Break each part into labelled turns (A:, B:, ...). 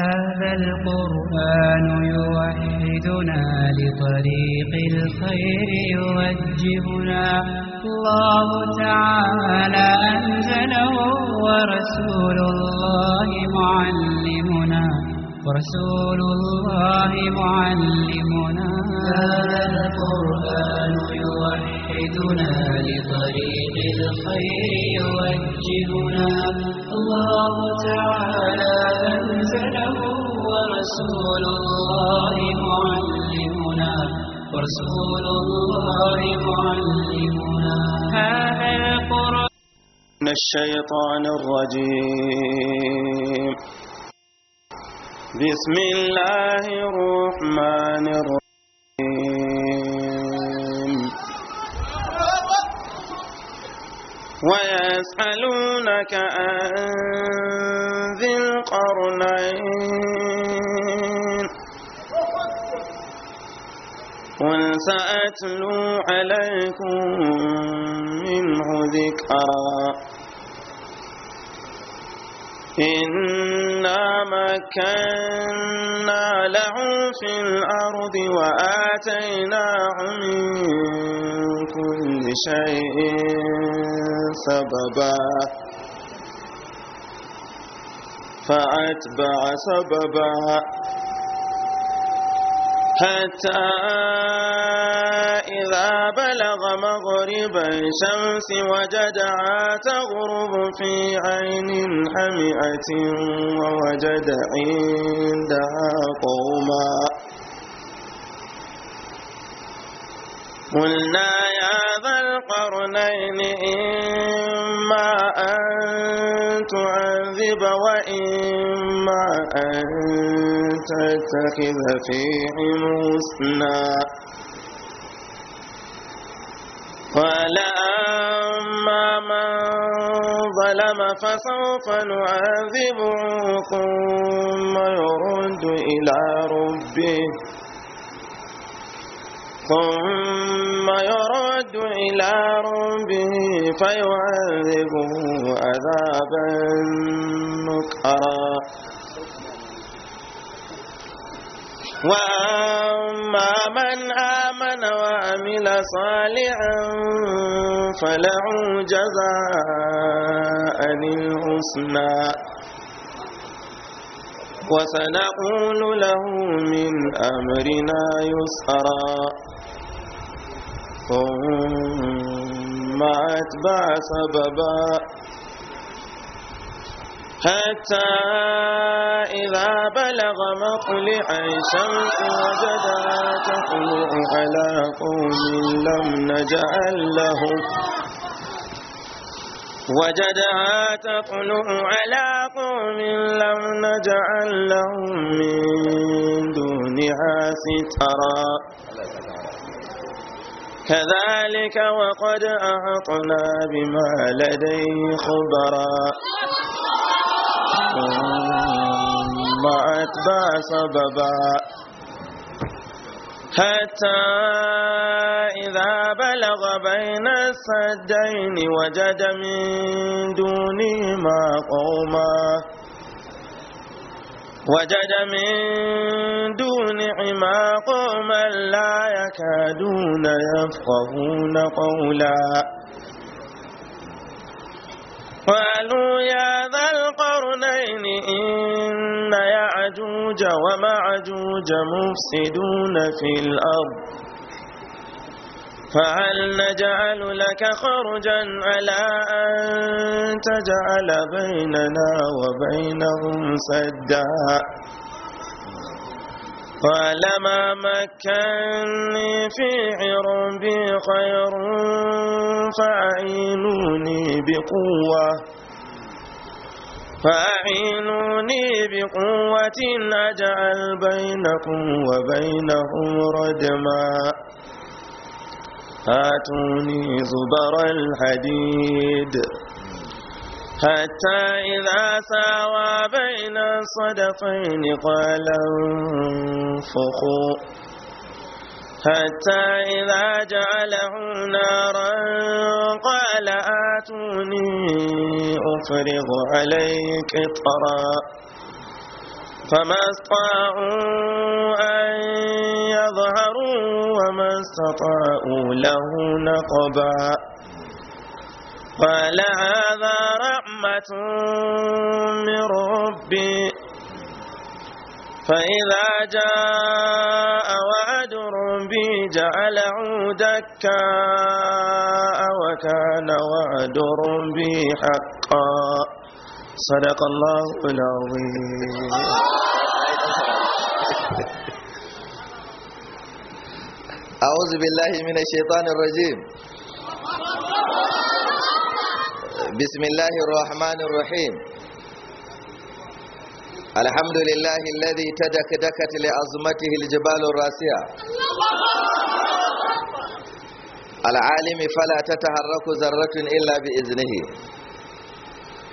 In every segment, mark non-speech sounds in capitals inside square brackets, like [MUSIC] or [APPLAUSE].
A: هذا القرآن يوحدنا لطريق الخير يوجهنا الله تعالى أنزله ورسول الله معلمنا
B: ورسول الله معلمنا هذا القرآن يوحدنا لطريق الخير يوجهنا الله تعالى أرسله ورسول الله معلمنا ورسول الله معلمنا هذا القرآن
A: الشيطان الرجيم بسم الله الرحمن الرحيم ويسألونك أن القرنين قل سأتلو عليكم منه ذكرا إنا مكنا له في الأرض وآتيناه من كل شيء سببا فأتبع سببا حتى إذا بلغ مغرب الشمس وجد تغرب في عين حمئة ووجد عندها قوما قلنا يا ذا القرنين إما أن تعذب وإما أن تتخذ فيهم حسنا قال أما من ظلم فسوف نعذبه ثم يرد إلى ربه ثم يرد إلى ربه فيعذبه عذابا مكرا وأما من آمن وعمل صالحا فله جزاء الحسنى وسنقول له من أمرنا يسرا ثم أتبع سببا حتى إذا بلغ مطلع الشمس وجدها تطلع على قوم لم نجعل لهم وجدها تطلع على قوم لم نجعل لهم من دونها سترا كذلك وقد أعطنا بما لديه خبرا ثم أتبع سببا حتى إذا بلغ بين السدين وجد من دونهما قوما وجد من دون عما قوما لا يكادون يفقهون قولا قالوا يا ذا القرنين إن يعجوج ومعجوج مفسدون في الأرض فهل نجعل لك خرجا على أن تجعل بيننا وبينهم سدا قال ما مكني في عربي خير فأعينوني بقوة فأعينوني بقوة أجعل بينكم وبينهم ردما آتوني زبر الحديد حتى إذا ساوى بين الصدفين قال انفخوا حتى إذا جعله نارا قال آتوني أفرغ عليك قطرا فما استطاعوا أن يظهروا وما استطاعوا له نقبا قال هذا رحمة من ربي فإذا جاء وعد ربي جعل عودكا وكان وعد ربي حقا صدق الله العظيم
C: أعوذ بالله من الشيطان الرجيم بسم الله الرحمن الرحيم الحمد لله الذي تدكدكت لعظمته الجبال الراسية العالم فلا تتحرك ذرة إلا بإذنه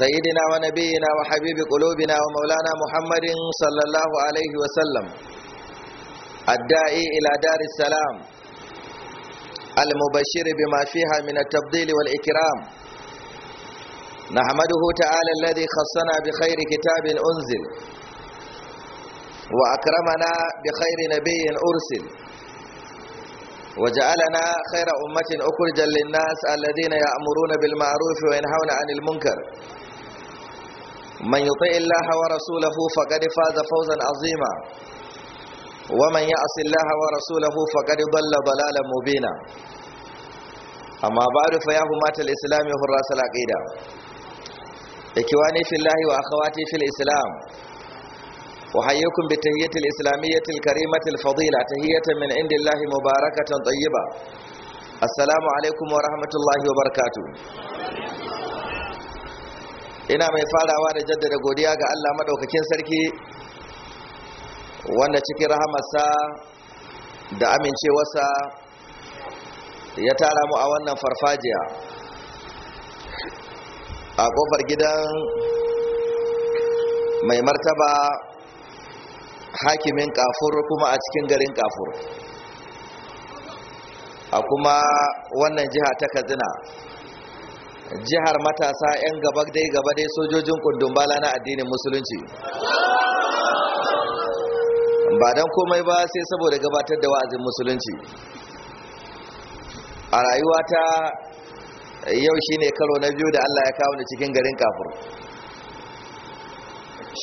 C: سيدنا ونبينا وحبيب قلوبنا ومولانا محمد صلى الله عليه وسلم الداعي إلى دار السلام المبشر بما فيها من التفضيل والإكرام نحمده تعالى الذي خصنا بخير كتاب أنزل وأكرمنا بخير نبي أرسل وجعلنا خير أمة أخرجا للناس الذين يأمرون بالمعروف وينهون عن المنكر من يطع الله ورسوله فقد فاز فوزا عظيما ومن يعص الله ورسوله فقد ضل ضلالا مبينا أما بعد فيا همة الإسلام حراس العقيدة إخواني في الله وأخواتي في الإسلام أحييكم بالتهية الإسلامية الكريمة الفضيلة تهية من عند الله مباركة طيبة السلام عليكم ورحمة الله وبركاته ina mai farawa da jaddada godiya ga Allah madaukakin sarki wanda cikin rahamarsa da amincewarsa ya tara mu a wannan farfajiya a kofar gidan mai martaba hakimin kafur kuma a cikin garin kafur a kuma wannan jiha ta kazina jihar matasa 'yan gaba dai gaba dai sojojin kundumbala na addinin musulunci ba don komai ba sai saboda gabatar da wa'azin musulunci a rayuwata yau shi ne karo na biyu da allah ya kawo ni cikin garin kafur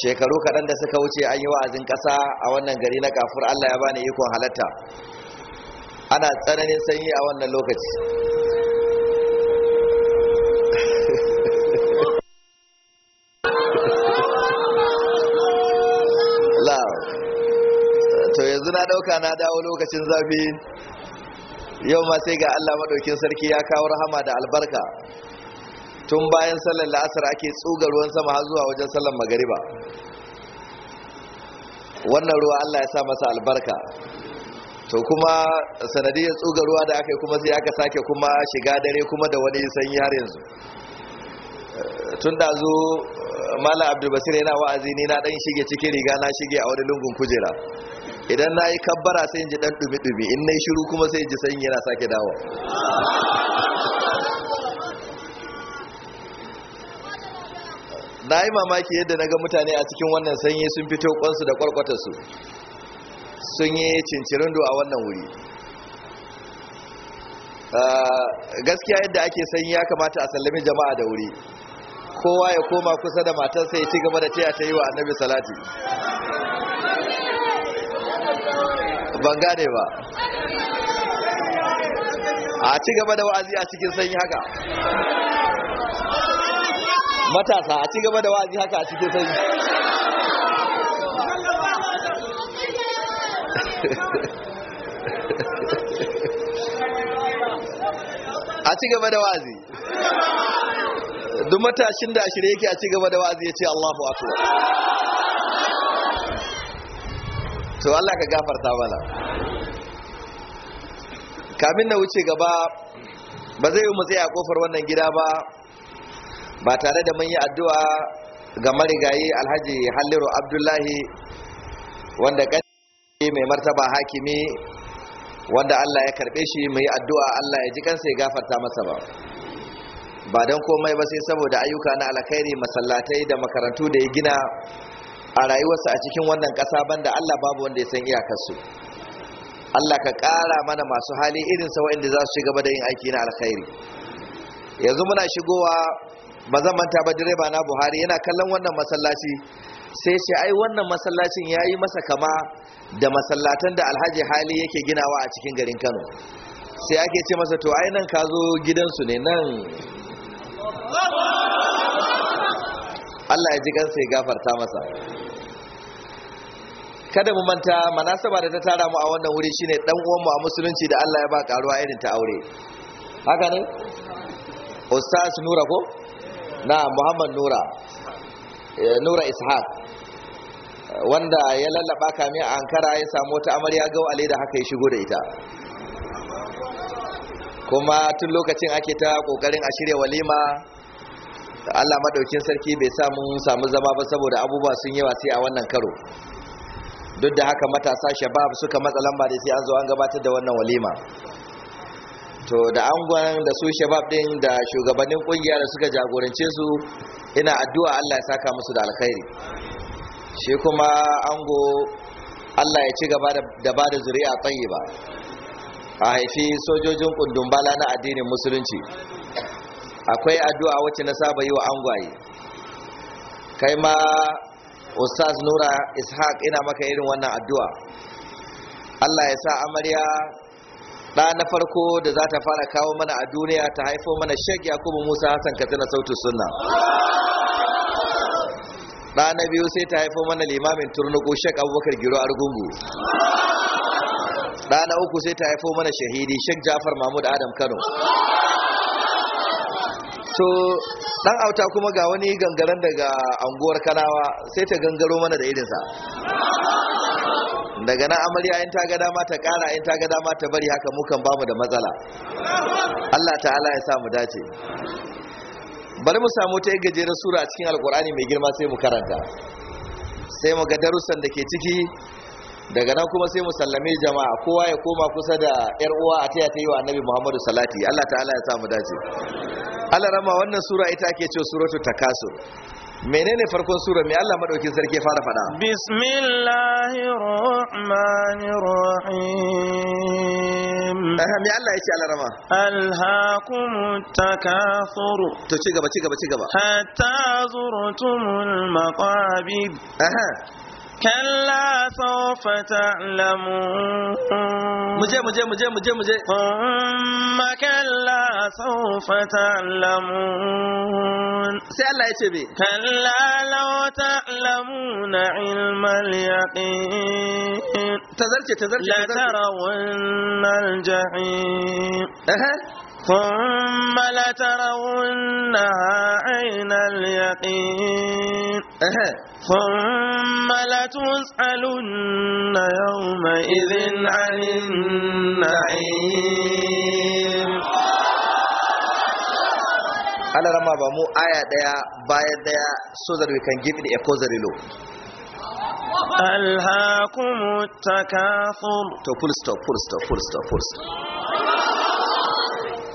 C: shekaru kaɗan da suka wuce an yi wa'azin ƙasa a wannan gari na kafur allah ya bani ikon halatta ana tsananin sanyi a wannan lokaci na dauka na dawo lokacin zafi yau ma sai ga Allah madaukin sarki ya kawo rahama da albarka tun bayan sallar la'asar ake tsugar ruwan sama har zuwa wajen sallar magariba wannan ruwa Allah ya sa masa albarka to kuma sanadiyar tsugar ruwa da aka yi kuma sai aka sake kuma shiga dare kuma da wani sanyi har yanzu tun da zo mala abdulbasir yana wa'azi ni na dan shige cikin riga na shige a wani lungun kujera idan na yi kabbara sai in ji ɗan ɗumi-ɗumi in na yi shiru kuma sai in ji sanyi yana sake dawo na yi mamaki yadda na ga mutane a cikin wannan sanyi sun fito kwansu da su, sun yi cincirindo a wannan wuri ah, gaskiya yadda ake sanyi ya kamata a sallami jama'a da wuri kowa ya koma kusa da matarsa ya ci gaba da taya ta yi wa annabi salati ban gane ba a ci gaba da wa'azi a cikin sanyi haka matasa a ci gaba da wa'azi haka a cikin sanyi a ci gaba da wa'azi duk matashin da a shirye yake a ci gaba da wa'azi ya ce Allahu akwai to Allah ka gafarta mana kamin na wuce gaba ba zai yi mu tsaya kofar wannan gida ba ba tare da mun yi addu'a ga marigayi alhaji halliru abdullahi wanda kanci mai martaba hakimi wanda Allah ya karbe shi mu yi addu'a Allah ya ji kansa ya gafarta masa ba ba don komai ba sai saboda ayyuka na alkhairi masallatai da makarantu da ya gina a rayuwarsa a cikin wannan ƙasa banda Allah babu wanda ya san iyakarsu Allah ka ƙara mana masu hali irin sa waɗanda za su shiga da yin aiki na alkhairi yanzu muna shigowa ba zan manta ba direba na buhari yana kallon wannan masallaci sai sai ai wannan masallacin ya yi masa kama da masallatan da alhaji hali yake ginawa a cikin garin kano sai ake ce masa to ai nan ka zo gidansu ne nan Allah ya ji kansa ya gafarta masa kada mu manta manasaba da ta tara mu a wannan wuri shine dan uwan mu a musulunci da Allah ya ba karuwa irin ta aure haka ne ustaz nura ko na muhammad nura eh, nura ishaq wanda ya lallaba kami a ankara ya samu wata amarya gawale da haka ya shigo da ita kuma tun lokacin ake ta kokarin a shirya walima Allah madaukin sarki bai samu samu zama ba saboda abubuwa sun yawa sai a wannan karo duk da haka matasa shabab suka matsa lamba da sai an zo an gabatar da wannan walima to da angon da su shabab din da shugabannin kungiya da suka jagorance su ina addu'a Allah ya saka musu da alkhairi shi kuma ango Allah ya ci gaba da ba da zuri'a tayyiba a haifi sojojin kundumbala na addinin musulunci akwai addu'a wacce na saba yi wa angwaye kai ma ustaz nura ishaq ina maka irin wannan addu'a allah ya sa amarya ɗa na farko da za ta fara kawo mana a duniya ta haifo mana shek yakubu musa hassan katsina sautin sunna ɗa na biyu sai ta haifo mana limamin turnuku shek abubakar giro argungu ɗa na uku sai ta haifo mana shahidi shek jafar mahmud adam kano to dan auta kuma ga wani gangaren daga anguwar kanawa sai ta gangaro mana da irinsa daga nan amarya in ta ga dama ta kara in ta ga dama ta bari haka mukan bamu da matsala Allah ta'ala ya samu dace bari mu samu ta gajerar sura a cikin alkur'ani mai girma sai mu karanta sai mu ga darussan da ke ciki daga nan kuma sai mu sallame jama'a kowa ya koma kusa da yar uwa a taya ta yi wa annabi muhammadu salati Allah ta'ala ya samu dace Allah rama wannan sura ita ake cewa suratul takasur menene farkon sura mai Allah madaukin sarki fara fada
A: bismillahir
C: rahmanir
A: rahim eh mai Allah yace Allah rama alhaqum takasur to ci gaba ci gaba ci gaba hatta zurtumul maqabid eh كلا سوف تعلمون مجي مجي مجي مجي مجي ثم كلا سوف تعلمون سي الله يتبي كلا لو تعلمون علم اليقين تذرتي تذرتي لترون الجحيم أه. ثم لترونها عين اليقين ثم لتسألن يومئذ عن النعيم
C: ألا رمى بمو آية ديا باية ديا سوزر ويكن جيفني أكوزر لو ألهاكم التكاثر تو فول ستوب فول ستوب فول ستوب فول ستوب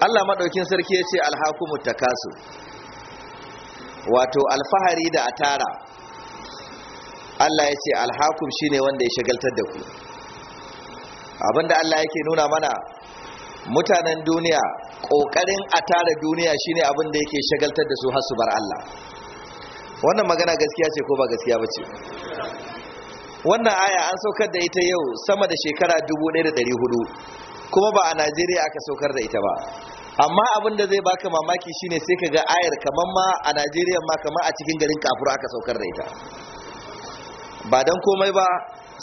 C: Allah maɗaukin sarki ya ce alhakumu takasu wato alfahari da atara Allah ya ce alhakum shine wanda ya shagaltar da ku abinda Allah yake nuna mana mutanen duniya ƙoƙarin atara duniya shine abinda yake shagaltar da su har su bar Allah wannan magana gaskiya ce ko ba gaskiya ba ce wannan aya an saukar da ita yau sama da shekara 1400 kuma ba a najeriya aka saukar da ita ba amma abin da zai baka mamaki shine sai ka ga ayar kamar ma a najeriya ma kamar a cikin garin kafur aka saukar da ita ba don komai ba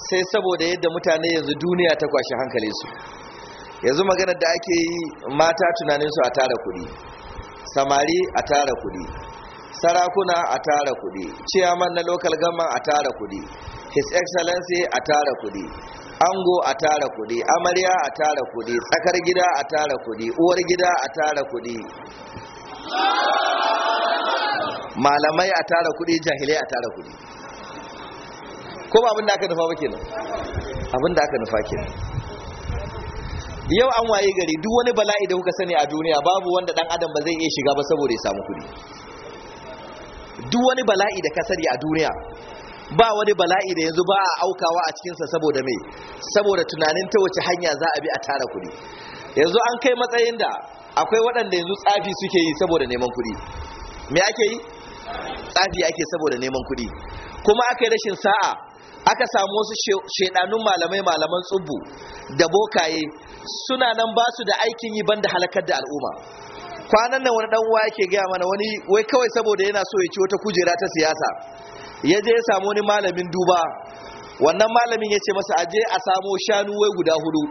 C: sai saboda yadda mutane yanzu duniya ta kwashe hankali su yanzu maganar da ake yi mata tunanin su a tara kuɗi samari a tara kuɗi sarakuna a tara kuɗi ciyaman na local government a tara kuɗi his excellency a tara kuɗi ango a tara kuɗi amarya a tara kuɗi tsakar gida a tara kuɗi uwar gida a tara kuɗi malamai a tara kuɗi jahilai a tara kuɗi ko ba abinda aka nufa ba kenan abinda aka nufa kenan yau an waye gari duk wani bala'i da kuka sani a duniya babu wanda dan adam ba zai iya shiga ba saboda ya samu kuɗi duk wani bala'i da ka sani a duniya ba wani bala'i da yanzu ba a aukawa a cikinsa saboda mai saboda tunanin ta wace hanya za a bi a tara kuɗi yanzu an kai matsayin da akwai waɗanda yanzu tsafi suke yi saboda neman kuɗi me ake yi tsafi ake saboda neman kuɗi kuma aka yi rashin sa'a aka samu wasu shaidanun malamai malaman tsubu da bokaye suna nan ba su da aikin yi banda halakar da al'umma kwanan nan wani dan uwa yake gaya mana wani wai kawai saboda yana so ya ci wata kujera ta siyasa ya je ya samu wani malamin duba wannan malamin ya ce masa a je a samo shanu wai guda hudu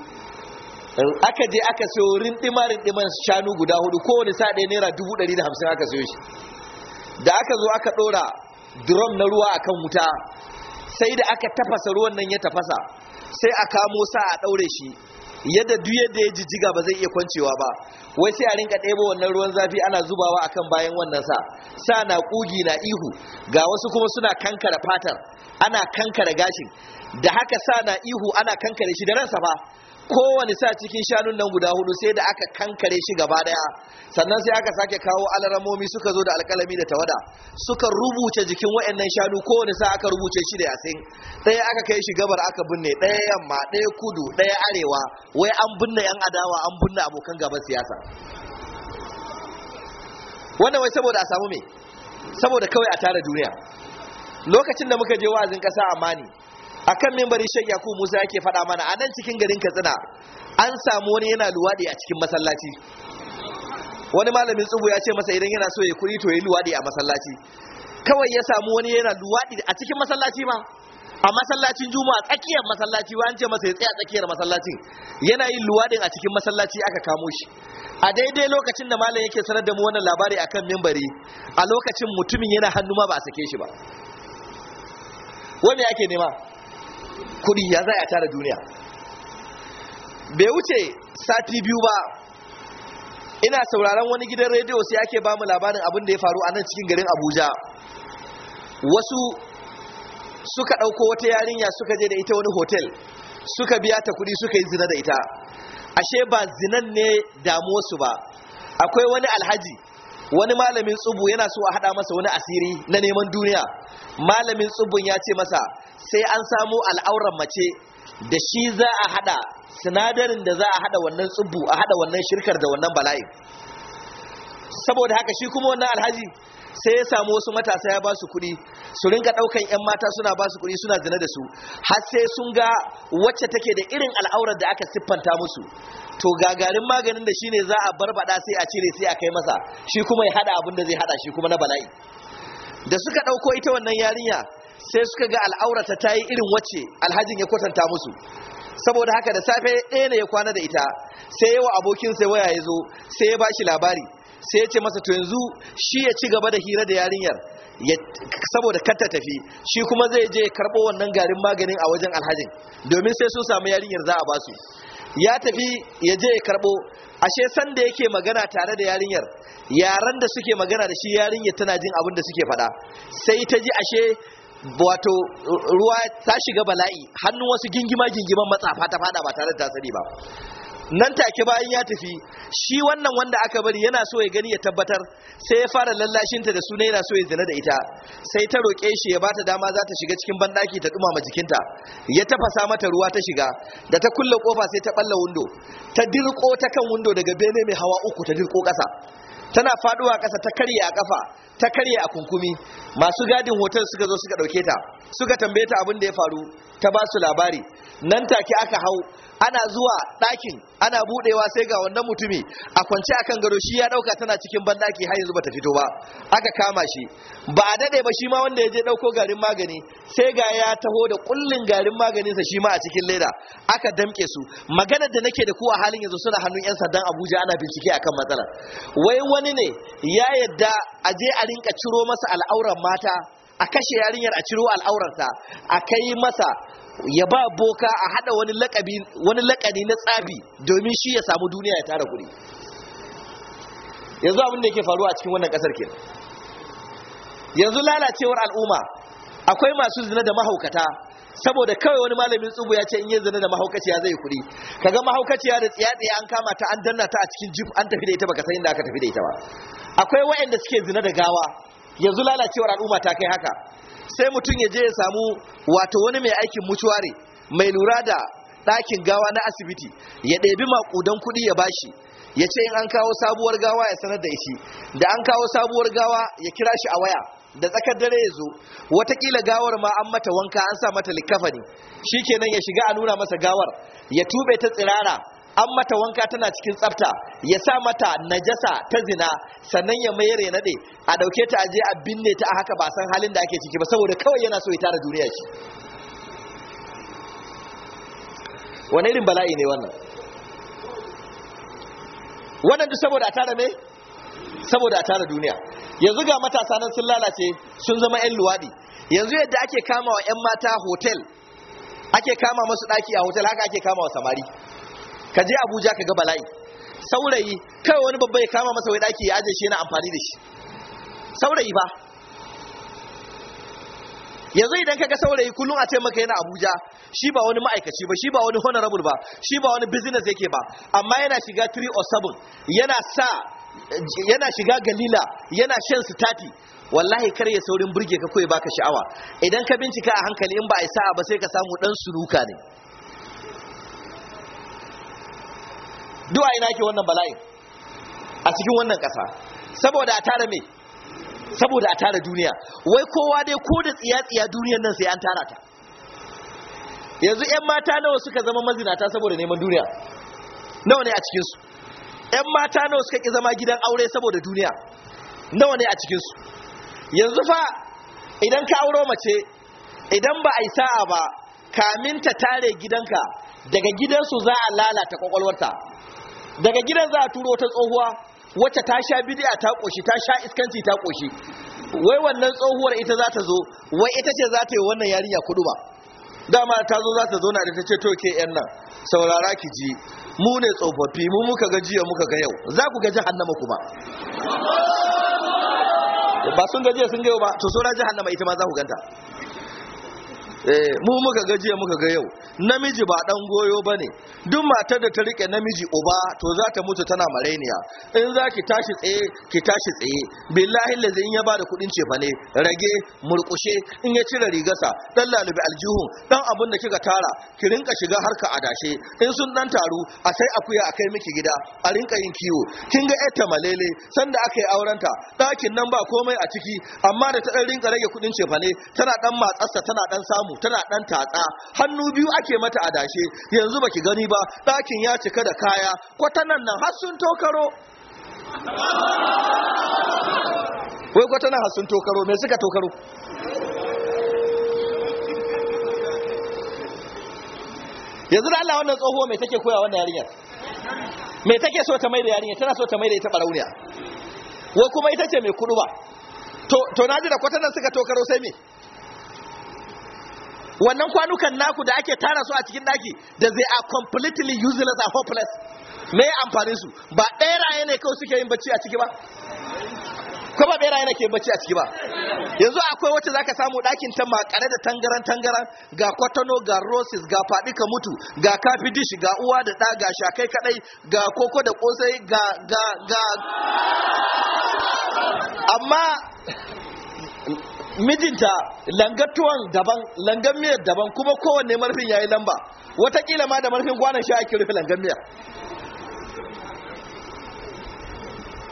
C: aka je aka sayo rindima rindiman shanu guda hudu kowane sa ɗaya naira dubu ɗari da hamsin aka sayo shi da aka zo aka ɗora drum na ruwa akan wuta sai da aka tafasa ruwan nan ya tafasa sai a kamo sa a ɗaure shi yadda duk yadda ya jijjiga ba zai iya kwancewa ba wai sai a rinka ɗebo wannan ruwan zafi ana zubawa akan bayan wannan sa sa na kugi na ihu ga wasu kuma suna kankara fatar ana kankara gashin da haka sa na ihu ana kankare shi da ransa ba kowane sa cikin shanun nan guda hudu sai da aka kankare shi gaba daya sannan sai aka sake kawo alaramomi suka zo da alkalami da tawada suka rubuce jikin wayannan shanu kowane sa aka rubuce shi da yasin ɗaya aka kai shi gabar aka binne ɗaya yamma ɗaya kudu ɗaya arewa wai an binne yan adawa an binne abokan gaban siyasa wannan wai saboda a samu me saboda kawai a tara duniya lokacin da muka je wa'azin kasa amani akan membari shan yakub musa yake faɗa mana a nan cikin garin katsina an samu wani yana luwaɗi a cikin masallaci wani malamin tsubu ya ce masa idan yana so ya kuri to ya luwaɗi a masallaci kawai ya samu wani yana luwaɗi a cikin masallaci ma a masallacin juma'a tsakiyar masallaci wa ce masa ya a tsakiyar masallacin yana yin luwaɗin a cikin masallaci aka kamo shi a daidai lokacin da malam yake sanar da mu wannan labari akan mimbari a lokacin mutumin yana hannu ma ba a sake shi ba wani ake nema kudi ya zai a tara duniya bai wuce sati biyu ba ina sauraron wani gidan rediyo sai ake bamu labarin abin da ya faru a nan cikin garin abuja wasu suka ɗauko wata yarinya suka je da ita wani hotel suka biya ta kudi suka yi zina da ita ashe ba zinan ne damuwarsu ba akwai wani alhaji wani malamin tsubu yana so a haɗa masa wani asiri na neman duniya malamin tsubun ya ce masa sai an samu al'auran mace da shi za a hada sinadarin da za a hada wannan tsubu a hada wannan shirkar da wannan bala'i. saboda haka shi kuma wannan alhaji sai ya samu wasu matasa ya ba su kuɗi su ringa ɗaukan 'yan mata suna ba su kuɗi suna zina da su har sai sun ga wacce take da irin al'aurar da aka siffanta musu to gagarin maganin da shine za a barbada sai a cire sai a kai masa shi kuma ya hada abin da zai hada shi kuma na bala'i da suka ɗauko ita wannan yarinya sai suka ga al'aurata ta yi irin wacce alhajin ya kwatanta musu saboda haka da safe ɗaya ne ya kwana da ita sai yawa abokin sai waya ya zo sai ya ba shi labari sai ya ce masa to yanzu shi ya ci gaba da hira da yarinyar saboda kar ta tafi shi kuma zai je karɓo wannan garin maganin a wajen alhajin domin sai sun samu yarinyar za a basu ya tafi ya je ya karɓo ashe sanda da yake magana tare da yarinyar yaran da suke magana da shi yarinyar tana jin abin da suke faɗa sai ta ji ashe wato ruwa ta shiga bala'i hannun wasu gingima gingiman matsafa ta fada ba tare da tasiri ba nan take bayan ya tafi shi wannan wanda aka bari yana so ya gani ya tabbatar sai ya fara lallashinta da suna yana so ya zina da ita sai ta roƙe shi ya bata dama za ta shiga cikin banɗaki ta dumama jikinta ya tafasa mata ruwa ta shiga da ta kulle kofa sai ta ɓalla windo ta dirƙo ta kan windo daga bene mai hawa uku ta dirko ƙasa tana faduwa ƙasa ta karye a ƙafa ta karye a kunkumi masu gadin hotel suka zo suka ɗauke ta suka tambaye ta abin da ya faru ta ba su labari nan take aka hau ana zuwa ɗakin ana buɗewa sai ga wannan mutumi a kwance akan gado shi ya ɗauka tana cikin banɗaki har yanzu bata fito ba aka kama shi ba a daɗe ba shi ma wanda ya je dauko garin magani sai ga ya taho da ƙullin garin maganinsa shi ma a cikin leda aka damke su maganar da nake da ku a halin yanzu suna hannun 'yan sandan abuja ana bincike akan matsalar wai wani ne ya yadda a je a rinka ciro masa al'auran mata a kashe yarinyar a ciro al'aurarta a kai masa ya ba boka a hada wani lakabi lakani na tsabi domin shi ya samu duniya ya tara kuɗi yanzu abinda yake faruwa a cikin wannan kasar kenan yanzu lalacewar al'umma akwai masu zina da mahaukata saboda kawai wani malamin tsubu ya ce in yi zina da mahaukaciya zai kuɗi kaga mahaukaciya da tsiyatsiya an kama ta an danna ta a cikin jif an tafi da ita baka san inda aka tafi da ita ba akwai waɗanda suke zina da gawa yanzu lalacewar al'umma ta kai haka sai mutum ya je ya samu wato wani mai aikin mutuware mai lura da ɗakin gawa na asibiti ya ɗebi maƙudan kuɗi ya bashi ya ce in an kawo sabuwar gawa ya sanar da shi da an kawo sabuwar gawa ya kira shi a waya da tsakar dare ya zo watakila gawar ma an mata wanka an sa mata likafa ne kenan ya shiga a nuna masa gawar ya tube ta tsirara an mata wanka tana cikin tsafta ya sa mata najasa ta zina sannan ya mayar ya nade a dauke ta aje a binne ta a haka ba san halin da ake ciki ba saboda kawai yana so ya tara duniya shi wani irin bala'i ne wannan wannan duk saboda a tara me saboda a tara duniya yanzu ga matasa nan sun lalace sun zama 'yan luwaɗi yanzu yadda ake kama wa 'yan mata hotel ake kama masu ɗaki a hotel haka ake kama wa samari ka je abuja ka ga bala'i saurayi kai wani babba ya kama masa wai daki ya aje shi yana amfani da shi saurayi ba yanzu idan ka ga saurayi kullum a ce maka yana abuja shi ba wani ma'aikaci ba shi ba wani honorable ba shi ba wani business yake ba amma yana shiga 307 yana sa yana shiga galila yana shan sitati wallahi kar ya saurin burge ka koyi baka sha'awa idan ka bincika a hankali in ba a yi sa'a ba sai ka samu dan suruka ne duwa ina ke wannan bala'in a cikin wannan ƙasa saboda a tara me saboda a tara duniya wai kowa dai ko da tsiya-tsiya duniyar nan sai an tara ta yanzu 'yan mata nawa suka zama mazinata saboda neman duniya nawa ne a cikinsu 'yan mata nawa suka ƙi zama gidan aure saboda duniya nawa ne a cikinsu yanzu fa idan ka auro mace idan ba a yi sa'a ba kamin ta tare gidanka daga gidansu za a lalata kwakwalwarta daga gidan za a turo wata tsohuwa wacce ta sha bid'a ta ƙoshi, ta sha iskanci ta ƙoshi. wai wannan tsohuwar ita za ta zo wai ita ce za ta yi wannan yarinya kudu ba dama ta zo za ta zo na da ta ce to ke yan nan saurara ki ji mu ne tsofaffi mu muka ga jiya muka ga yau za ku ga jahannama kuma ba sun ga jiya sun ga yau ba to saura jahannama ita ma za ku ganta Eh, mu muka gajiya muka ga yau namiji ba dan goyo ba ne duk matar da ta rike namiji uba to za ta mutu tana marainiya in za ki tashi tsaye ki tashi tsaye billahi lazi in ya ba da kudin cefa ne rage murkushe in ya cire rigarsa dan lalubi aljihun dan abun da kika tara ki rinka shiga harka adashe in sun dan taru a sai akuya a kai miki gida a rinka yin kiwo kin ga yarta malele sanda aka yi aurenta ɗakin nan ba komai a ciki amma da ta dan rinka rage kudin cefa ne tana dan matsarsa tana dan samu tana dan tatsa hannu biyu ake mata adashe yanzu baki gani ba ɗakin ya cika da kaya kwatanan nan har sun tokaro wai kwatanan har sun tokaro me suka tokaro yanzu da Allah wannan tsoho mai take koya wannan yarinyar mai take so ta mai da yarinyar tana so ta mai da ita barauniya wai kuma ita ce mai kudu ba to na ji da kwatanan suka tokaro sai me wannan kwanukan naku da ake tara su a cikin daki da zai a completely useless and hopeless me amfanin su ba ɗaya ne kawai suke yin bacci a ciki ba ko ba raye ne ke bacci a ciki ba yanzu akwai wacce zaka samu ɗakin ta makare da tangaran tangaran ga kwatano ga roses ga faɗi ka mutu ga kafi dish ga uwa da ɗa ga shakai kaɗai, ga koko da kosai ga ga ga amma mijinta langattuwan daban langan miyar daban kuma kowanne marfin yayi lamba watakila ma da marfin kwanan sha ake rufe langan miyar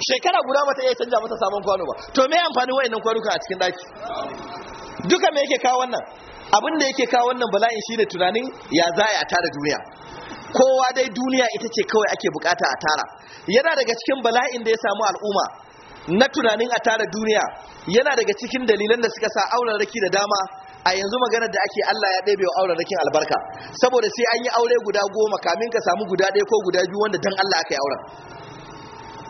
C: shekara guda mata iya canja masa sabon kwano ba to me amfani wayannan kwanuka a cikin daki duka me yake kawo wannan abin da yake kawo wannan bala'in shine tunanin ya za a tara duniya kowa dai duniya ita ce kawai ake bukata a tara yana daga cikin bala'in da ya samu al'umma na tunanin a tara duniya yana daga cikin dalilan da suka sa auren raki da dama a yanzu maganar da ake Allah ya ɗebe wa auren rakin albarka saboda sai an yi aure guda goma kamin ka samu guda ɗaya ko guda biyu wanda dan Allah aka yi auren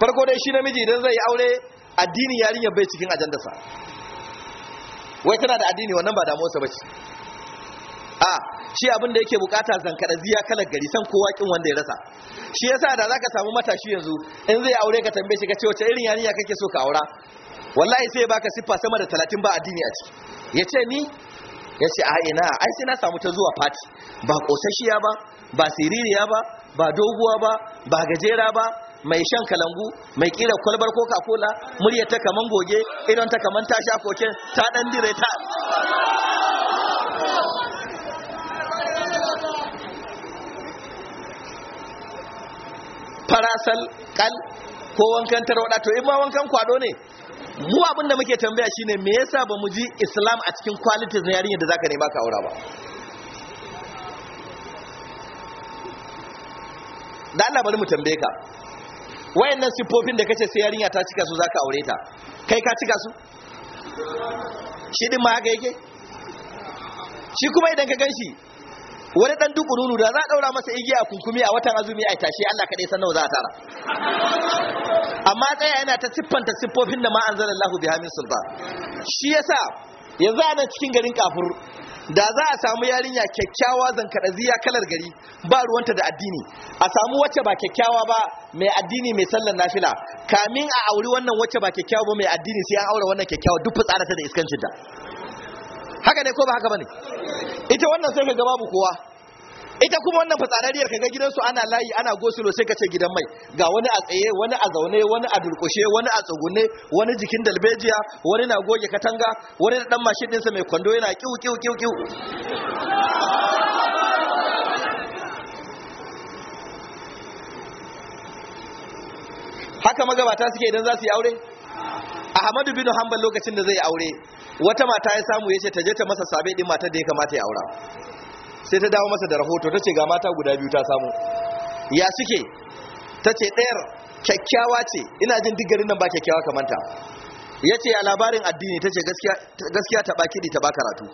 C: farko dai shi namiji idan zai yi aure addini yarinya bai cikin ajandasa. wai tana da addini wannan ba damuwarsa ba ce a shi abin da yake bukata ziya kalar gari san kowa kin wanda ya rasa shi yasa da zaka samu matashi yanzu in zai aure ka tambaye shi ka ce wace irin yarinya kake so ka aura wallahi sai baka siffa sama da 30 ba addini a ciki yace ni yace a ina ai sai na samu ta zuwa party ba kosasshiya ba ba siririya ba ba doguwa ba ba gajera ba mai shan kalangu mai kira kwalbar coca-cola muryar ta kaman goge idan ta kaman ta koken ta dan dire ta farasal kal ko wankan tarwada to in ma wankan kwado ne mu abin da muke tambaya shine me yasa ba mu ji islam a cikin qualities na yarinya da zaka nema ka aura ba dan Allah bari mu tambaye ka wayannan siffofin da kace sai yarinya ta cika su zaka aure ta kai ka cika su shi din ma haka yake shi kuma idan ka ganshi wani dan dukururu da za a daura masa igiya kunkumi a watan azumi a tashi Allah kadai san nawa za a tara amma tsaya yana ta siffanta siffofin da ma anzalallahu biha min sulba shi yasa yanzu a nan cikin garin kafur da za a samu yarinya kyakkyawa zankaraziya kalar gari ba ruwanta da addini a samu wacce ba kyakkyawa ba mai addini mai sallar nafila kamin a auri wannan wacce ba kyakkyawa ba mai addini sai an aure wannan kyakkyawa duk fitsarata da iskancinta haka ne ko ba haka bane ita wannan sai ka ga babu kowa ita kuma wannan ka kaga gidansu ana layi ana gosulo sai ka ce gidan mai ga wani a tsaye wani a zaune wani a durƙushe, wani a tsugune wani jikin dalbejiya wani na goge katanga wani da dan mashin dinsa mai kwando yana kiwu kiwu kiwu kiwu haka magabata suke idan za su yi aure ahmadu bin hanbal lokacin da zai aure wata mata ya samu ya ce ta je ta masa sabe din matar da ya kamata ya aura sai ta dawo masa da rahoto ta ce ga mata guda biyu ta samu ya suke ta ce ɗayar kyakkyawa ce ina jin duk garin nan ba kyakkyawa kamanta ya ce a labarin addini ta ce gaskiya ta kiɗi ta ba karatu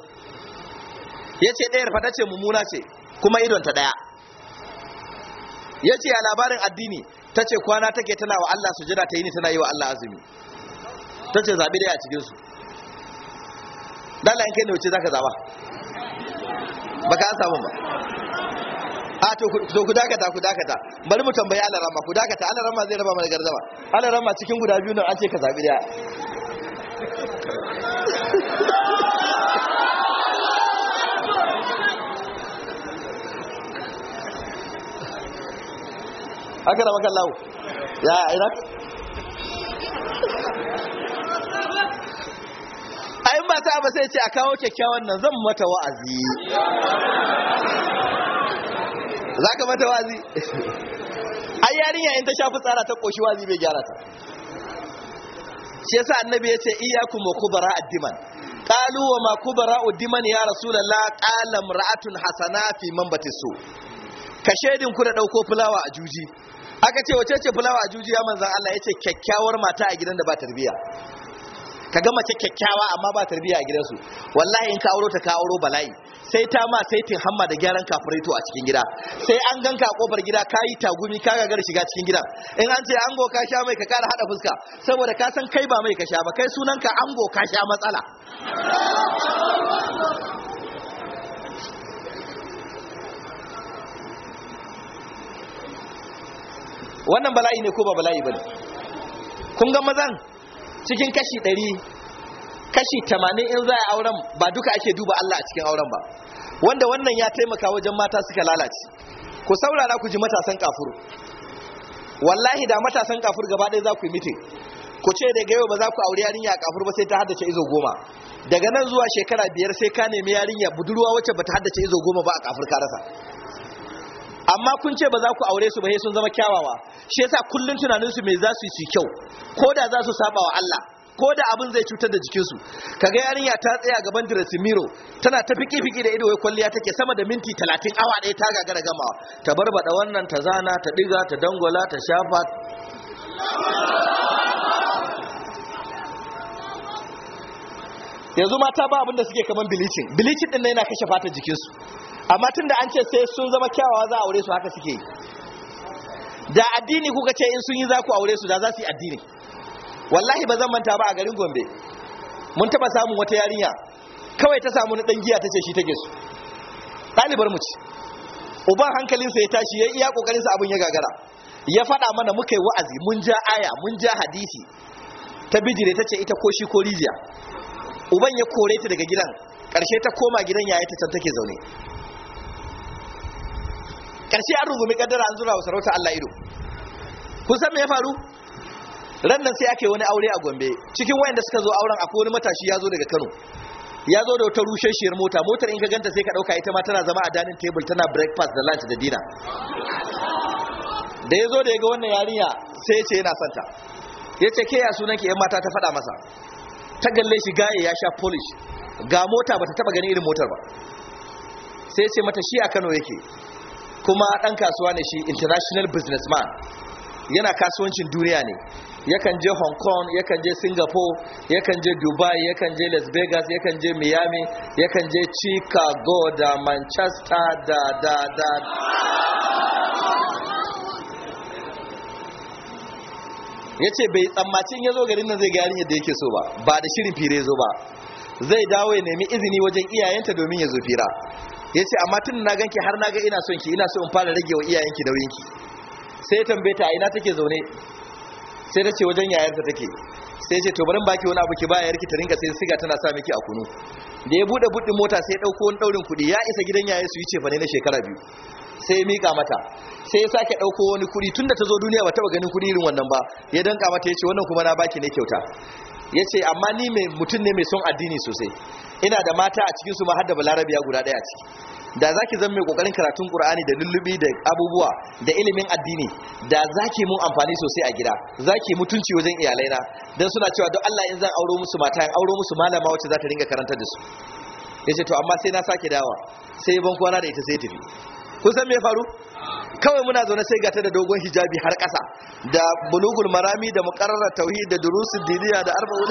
C: ya ce ɗayar fata ce mummuna ce kuma idon ta ɗaya ya ce a labarin addini ta ce kwana take tana wa Allah sujada ta yi ni tana yi wa Allah azumi ta ce zaɓi ɗaya a cikinsu dala in kai ne wace zaka zaba ba an samu ba a to ku dakata ku dakata bari mu tambayi alarama ku dakata alarama zai raba mana garzama alarama cikin guda biyu nan an ce ka zabi da aka rama ya ina ta ba sai ce a kawo kyakkyawan nan zan mata wa'azi [LAUGHS] za ka mata wa'azi [LAUGHS] ai yarinya in ta shafi tsara ta koshi wa'azi bai gyara ta shi yasa annabi ya ce iyyakum wa kubara addiman qalu wa ma kubara addiman ya rasulullah qala mar'atun hasana fi manbati su ka shedin ku da dauko fulawa a juji aka ce wace ce fulawa a juji ya manzan Allah ce kyakkyawar mata a gidan da ba tarbiya ka gama mace kyakkyawa amma ba tarbiyya a gidansu wallahi in ka auro ta ka auro bala'i sai ta ma sai tin hamma da gyaran kafurito a cikin gida sai an ganka a kofar gida ka yi tagumi ka gagar shiga cikin gida in an ce ango ka sha mai ka kara hada fuska saboda ka san kai ba mai ka sha ba kai sunan ka ango ka sha matsala wannan bala'i ne ko ba bala'i ba ne kun ga mazan cikin kashi ɗari kashi tamanin in za a auren ba duka ake duba Allah a cikin auren ba wanda wannan ya taimaka wajen mata suka lalace ku saurara ku ji matasan kafur wallahi da matasan kafur gaba ɗaya za ku yi mitin ku ce daga yau ba za ku aure yarinya a kafur ba sai ta haddace izo goma daga nan zuwa shekara biyar sai ka nemi yarinya budurwa wacce ba ta haddace izo goma ba a kafur ka rasa amma kun ce ba za ku aure su ba sai sun zama kyawawa shi yasa kullun tunanin su me za su yi kyau ko da za su saba wa Allah ko da abin zai cutar da jikinsu kaga yarinya ta tsaya gaban mirror tana ta fiki fiki da ido wai kwalliya take sama da minti 30 awa ɗaya ta gagara gamawa ta barbada wannan ta zana ta diga ta dangwala ta shafa yanzu mata ba abin da suke kaman bilicin bilicin din yana kashe fatar su amma tun da an ce sai sun zama kyawawa za a aure su haka suke yi da addini kuka ce in sun yi za ku aure su da za su yi addini wallahi ba zan manta ba a garin gombe mun taba samun wata yarinya kawai ta samu na giya ta ce shi take su ɗalibar mu ce uban hankalinsa ya tashi ya iya sa abin ya gagara ya faɗa mana muka yi wa'azi mun ja aya mun ja hadisi ta bijire ta ce ita ko shi ko rijiya uban ya kore ta daga gidan ƙarshe ta koma gidan yayi ta can take zaune karshe an rungumi kaddara an zura wa sarauta Allah ido kun san me ya faru ran nan sai ake wani aure a Gombe cikin wayanda suka zo auren akwai wani matashi ya zo daga Kano ya zo da wata rusasshiyar mota motar in ka ganta sai ka dauka ita ma tana zama a dining table tana breakfast da lunch da dinner da ya zo da ya wannan yarinya sai ya ce yana son ta ya ce ke ya sunan ki yan mata ta faɗa masa ta galle shi gaye ya sha polish ga mota bata taba ganin irin motar ba sai ya ce mata shi a Kano yake kuma ɗan kasuwa ne shi international businessman yana kasuwancin duniya ne yakan je hong kong yakan je singapore yakan je dubai yakan je las vegas yakan je miami yakan je chicago da manchester da da da ya ce bai tsammacin ya zo garin nan zai gyarin yadda yake so ba ba da shirin fire zo ba zai dawo ya nemi izini wajen iyayenta domin ya zo fira ya ce amma tun na ganki har na ga ina son ki ina so in fara rage wa iyayenki ki. sai ya tambaye ta ina take zaune sai ta ce wajen yayarta take sai ya ce to barin baki wani abu ki baya yarki ta ringa sai siga tana sa miki a kunu da ya bude buɗin mota sai ya dauko wani daurin kudi ya isa gidan yaye su yi ce fane na shekara biyu sai ya mika mata sai ya sake dauko wani kudi tunda ta zo duniya ba taba ganin kudi irin wannan ba ya danka mata ya ce wannan kuma na baki ne kyauta ya ce amma ni mutum ne mai son addini sosai ina da mata a cikinsu ma har da balarabiya guda ɗaya ciki da za ki zama mai kokarin karatun ƙur'ani da lullubi da abubuwa da ilimin addini da za ki mun amfani sosai a gida za ki mutunci wajen iyalaina don suna cewa don allah in zan auro musu mata in auro musu malama wacce za ta ringa karanta da su ya ce to amma sai na sake dawa sai ban kwana da ita sai tafi kun san me ya faru kawai muna zaune sai gata da dogon hijabi har ƙasa da bulugul marami da muqarrar tauhid da durusul diniya da arba'un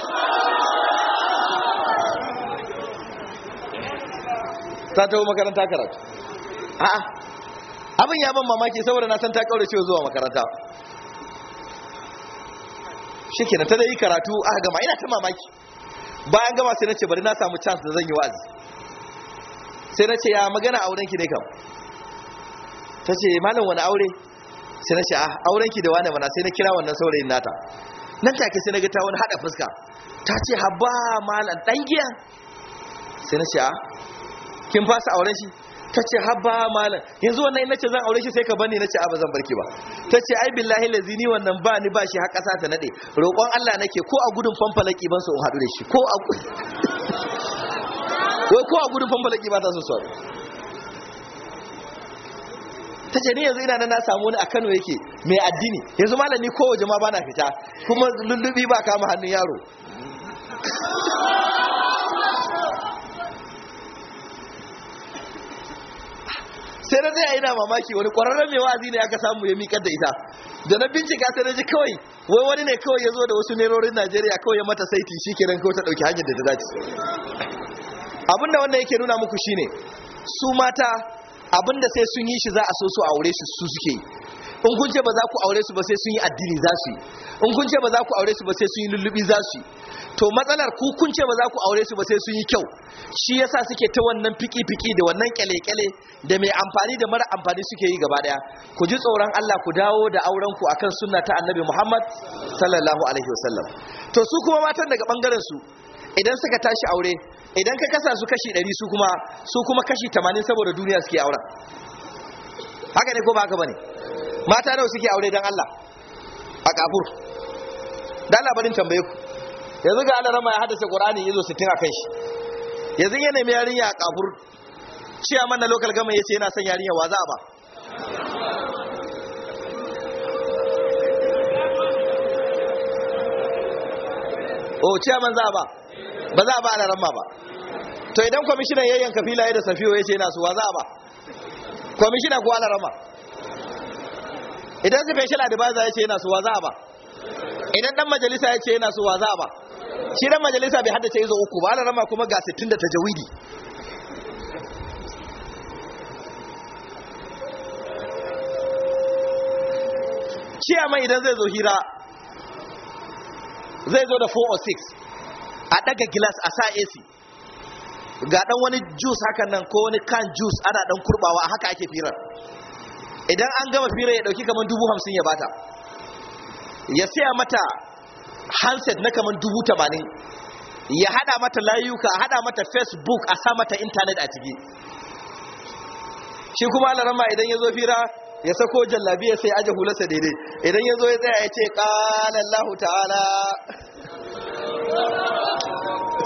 C: ta tawo makaranta karatu a'a abin ya ban mamaki saboda na san ta kaure cewa zuwa makaranta shikenan ta dai karatu aka gama ina ta mamaki bayan gama sai na ce bari na samu chance da zan yi wa'azi sai na ce ya magana a wurinki ne kam ta ce malam wani aure sai na ce a ah, auren ki da wani mana sai na kira wannan saurayin nata nan take sai na ga ta wani hada fuska ta ce haba malam dan giya sai na ce ah, kin fasa auren shi ta ce haba malam yanzu wannan nace zan aure shi sai ka bani nace a ah, ba zan barki ba ta ce ai billahi lazini wannan ba ni ba shi har kasa ta nade roƙon Allah nake ko a gudun fanfalaki ban su in haɗu da shi ko a [LAUGHS] ko a gudun fanfalaki ba ta so su ta ce ni yanzu ina nan na samu wani a Kano yake mai addini yanzu malami ko waje ma bana fita kuma lullubi ba kama hannun yaro sai na tsaya ina mamaki wani kwararren mai wa'azi ne aka samu ya miƙar da ita da na bincika sai na ji kawai wai wani ne kawai ya zo da wasu nerorin najeriya kawai ya mata saiti shi kenan kawai ta ɗauki hanyar da ta dace abinda wannan yake nuna muku ne su mata abinda sai sun yi shi za a so su aure shi su suke yi in kun ce ba za ku aure su ba sai sun yi addini za su yi in kun ce ba za ku aure su ba sai sun yi lullubi za su yi to matsalar ku kun ce ba za ku aure su ba sai sun yi kyau shi yasa suke ta wannan fiki fiki da wannan kyale kyale da mai amfani da mara amfani suke yi gaba daya ku ji tsoron Allah ku dawo da auren ku akan sunna ta Annabi Muhammad sallallahu alaihi wasallam to su kuma matan daga bangaren su idan suka tashi aure idan ka kasa su kashi 100 su kuma su kuma kashi 80 saboda duniya suke auren. haka ne ko ba haka bane mata nawa suke aure dan Allah a kafur dan labarin tambaye ku yanzu ga Allah rama ya haddace Qur'ani yazo 60 kai shi yanzu yana mai yarinya a kafur ciya na local gama yace yana son yarinya wa za ba oh ciya man za ba ba za a ba alaramma ba to idan kwamishinan yayyanka filaye da safiyo ya ce yana su wa za a ba kwamishina ko alaramma idan special advisor ya ce yana su wa za a ba idan dan majalisa ya ce yana su wa za a ba shi dan majalisa bai haddace izo uku ba alaramma kuma ga 60 da tajawidi ciyama idan zai zo hira zai zo da 4 or 6 a daga gilas a sa AC ga dan wani juice haka nan ko wani kan juice ana dan kurbawa haka ake firar idan an gama firar ya dauki kaman dubu hamsin ya bata ya siya mata handset na kaman dubu tamanin ya hada mata layuka hada mata facebook a sa mata intanet a ciki shi kuma larama idan ya zo fira ya sako jallabi ya sai aje hulasa daidai idan ya zo ya tsaya ya ce ƙalallahu ta'ala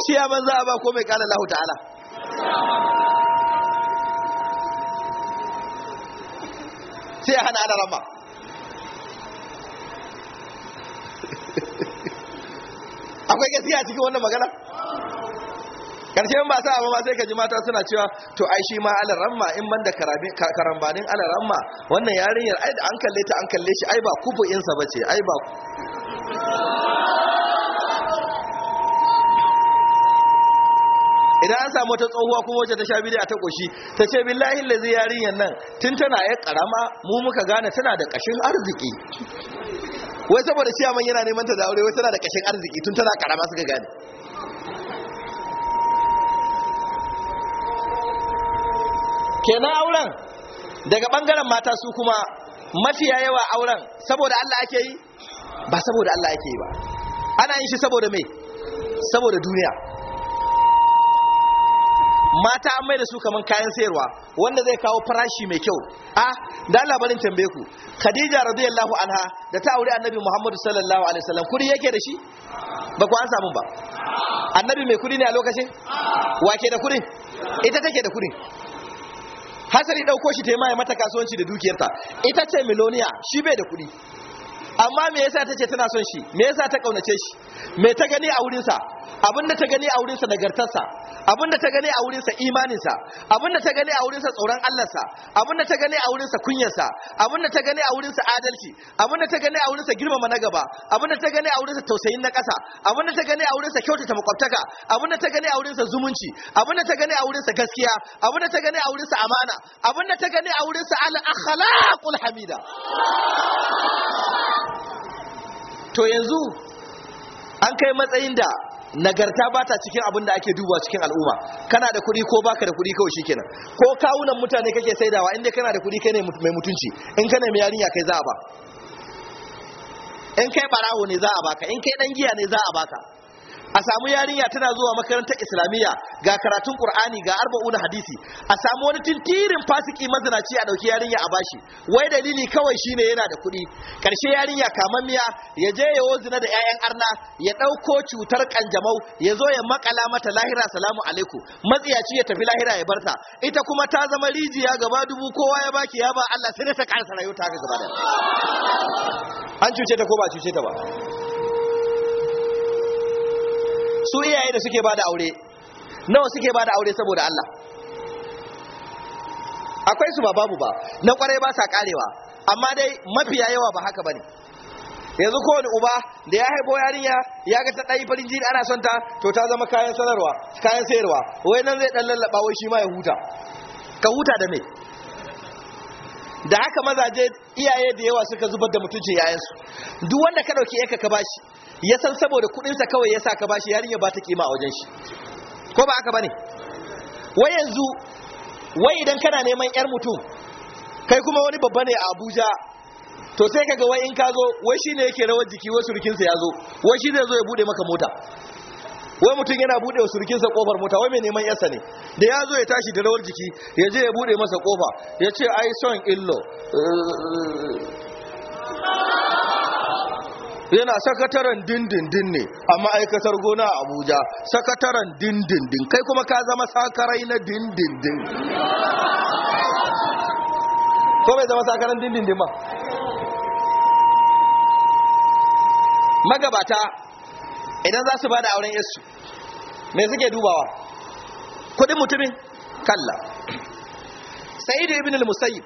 C: shi ban manza ba ko mai kala lahu ta'ala sai hana ana rama [LAUGHS] akwai gaskiya cikin wannan magana karshen ba sa abu ba sai ka ji mata suna cewa to ai shi ma alaramma in banda karambanin alaramma wannan yarinyar ai da an kalle ta an kalle shi ai ba kufu insa bace ai ba idan an samu wata tsohuwa kuma wacce ta sha bid'a ta takoshi, ta ce billahi lazi yarinyar nan tun tana ya karama mu muka gane tana da kashin arziki wai saboda ciyaman yana neman ta da aure wai tana da kashin arziki tun tana karama suka gane kenan auren daga bangaren mata su kuma mafiya yawa auren saboda Allah ake yi ba saboda Allah ake yi ba ana yin shi saboda me saboda duniya mata an mai da su kaman kayan sayarwa wanda zai kawo farashi mai kyau a ah, da labarin tambaye ku khadija radiyallahu anha da ta aure annabi muhammadu sallallahu alaihi wasallam kudi yake da shi ba ku an samu ba annabi mai kudi ne a lokacin wake da kudin ita take da kudin hasari dauko shi ta yi mata kasuwanci da dukiyarta ita ce miloniya shi bai da kudi amma me yasa tace tana son shi me yasa ta kaunace shi me ta gani a wurinsa abinda ta gani a wurinsa nagartarsa abinda ta gani a wurinsa imaninsa abinda ta gani a wurinsa tsoron Allahnsa abinda ta gani a wurinsa kunyarsa abinda ta gani a wurinsa adalci abinda ta gani a wurinsa girmama na gaba abinda ta gani a wurinsa tausayin na ƙasa abinda ta gani a wurinsa kyautata makwabtaka abinda ta gani a wurinsa zumunci abinda ta gani a wurinsa gaskiya abinda ta gani a wurinsa amana abinda ta gani a wurinsa al-akhlaqul hamida to yanzu an kai matsayin da nagarta ba ta cikin abin da ake duba cikin al'umma kana da kuɗi ko baka da kuɗi kawai shikenan ko kawunan mutane kake saidawa inda kana da kuɗi kai ne mai mutunci in kana mai yarinya kai za a ba in kai barawo ne za a baka in kai dan giya ne za a baka a samu yarinya tana zuwa makarantar islamiyya ga karatun qur'ani ga arba'una hadisi a samu wani tintirin fasiki mazinaci a dauki yarinya a bashi wai dalili kawai shine yana da kuɗi karshe yarinya kamammiya ya je ya wozina da 'ya'yan arna ya ɗauko cutar kanjamau ya zo ya makala mata lahira salamu alaikum matsiyaci ya tafi lahira ya barta ita kuma ta zama rijiya gaba dubu kowa ya baki ya ba Allah sai ta kansa rayuwa ta gaba da an cuce ta ko ba cuce ta ba su iyaye da suke bada aure nawa suke bada aure saboda Allah akwai su ba babu ba na kwarai ba sa karewa amma dai mafiya yawa ba haka bane yanzu kowane uba da ya haibo yarinya ya ga ta dai farin jini ana son ta to ta zama kayan sanarwa kayan sayarwa wai nan zai ɗan lallaba wai shi ma ya huta ka huta da me da haka mazaje iyaye da yawa suka zubar da mutuncin yayansu duk wanda ka ɗauki yake ka bashi ya san saboda kuɗinsa kawai ya sa ka bashi yarinya ba ta kima a wajen shi ko ba aka bane wai yanzu wai idan kana neman yar mutum kai kuma wani babba ne a Abuja to sai kaga wai in ka zo wai shine yake rawar jiki wai surkin ya zo wai shi zai zo ya bude maka mota wai mutum yana bude wa surukinsa kofar mota wai mai neman yarsa ne da ya zo ya tashi da rawar jiki ya je ya bude masa kofa ya ce ai son illo yana sakataren dindindin ne a ma'aikatar gona a abuja sakataren dindindin kai kuma ka zama sakarai na dindindin ko bai zama sakaran dindindin ba magabata idan za su ba da auren yasu mai suke dubawa kudin mutumin kalla sa'idu ibn al-musayyib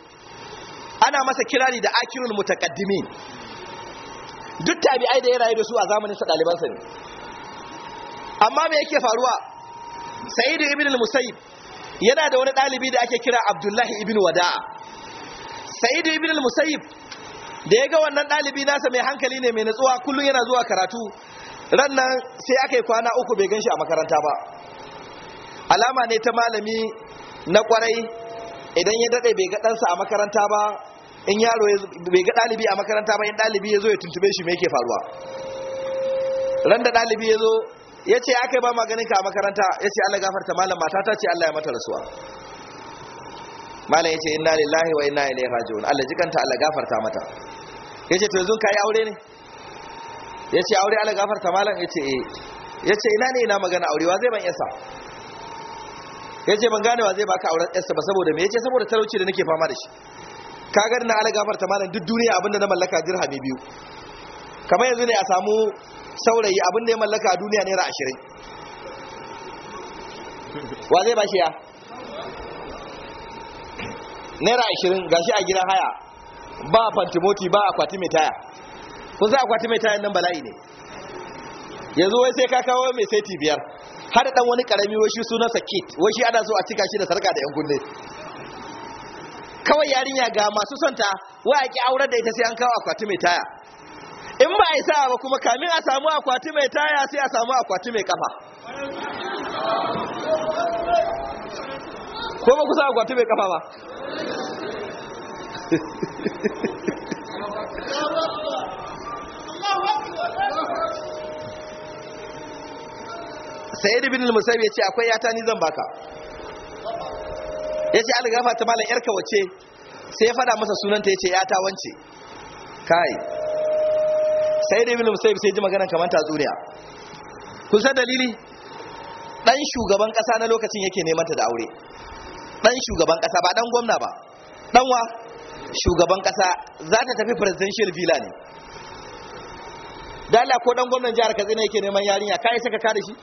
C: ana masa kirari da akirul mutaqaddimin duk tabi'ai da ya rayu da su a zamanin sa ɗalibansa ne amma me yake faruwa sa'idu ibn al-musayyib yana da wani ɗalibi da ake kira abdullahi ibn wada'a sa'idu ibn al-musayyib da ya ga wannan ɗalibi nasa mai hankali ne mai natsuwa kullum yana zuwa karatu ran nan sai aka yi kwana uku bai ganshi a makaranta ba alama ne ta malami na kwarai idan ya dade bai ga ɗansa a makaranta ba in yaro bai ga dalibi a makaranta ba in dalibi ya zo ya tuntube shi mai ke faruwa ran da dalibi ya zo ya ce aka ba maganin ka a makaranta ya ce allah gafarta malam mata ta ce allah ya mata rasuwa malam ya ce inna lillahi wa inna ilaihi raji'un allah jikanta allah gafarta mata ya ce to yanzu ka yi aure ne ya ce aure allah gafarta malam ya ce eh. ya ce ina ne ina magana aurewa zai ban yasa ya ce ban wa zai baka auren yasa ba saboda me ya ce saboda talauci da nake fama da shi kagar na ta malam duk duniya abinda na mallaka dirhami biyu kamar yanzu ne a samu saurayi abinda ya mallaka duniya naira ashirin wa zai ba shi ya naira ashirin gashi a gidan haya ba a fantimoti ba kwati mai taya kun sa akwati mai tayan nan bala'i ne yanzu wai sai ka kawo mai saiti biyar har da dan wani karami wai shi sunansa kit wai shi ana so a cika shi da sarka da yan kunne kawai yarinya ga masu santa wa ki aurar da ita sai an kawo akwati mai taya in ba a sa'a ba kuma kamin a samu akwati mai taya sai a samu akwati mai kafa ko ba kusa akwati mai kafa ba [LAUGHS] sayyid ibn al-musayyib yace akwai yata ni zan baka ya ce algafa ta malam yarka wace sai ya faɗa masa sunanta ya ce ya ta wance kai sai da ibn musayyib sai ji magana kamar ta zuriya Kusa dalili dan shugaban kasa na lokacin yake neman ta da aure dan shugaban kasa ba dan gwamna ba dan wa shugaban kasa za ta tafi presidential villa ne dala ko dan gwamnan jihar katsina yake neman yarinya kai saka ka da shi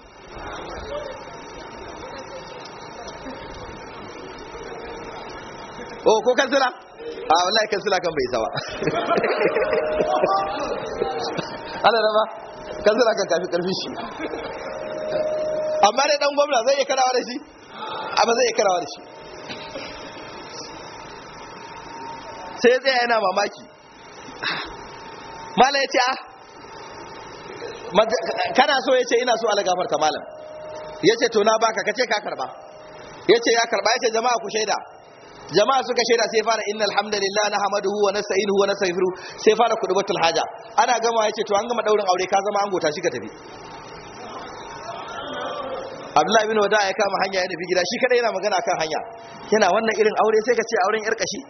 C: oh ko kansila a wallahi kansila kan bai sawa ba [LAUGHS] ana da ba kansila kan kafi karfi shi amma dai dan gwamna zai iya karawa da shi amma zai iya karawa da shi sai zai yana mamaki mala ya ce ah kana so ya ce ina so alagafarta malam ya ce to na baka ka ce ka karba ya ce ya karba ya ce jama'a ku shaida jama'a suka shaida sai fara innal hamdalillah na wa nasta'inuhu wa nastaghfiruh sai fara kudubatul haja ana gama yace to an gama daurin aure ka zama gota shi ka tafi Abdullahi ibn Wada ya kama hanya ya nufi gida shi kada yana magana kan hanya yana wannan irin aure sai ka ce auren yar kashi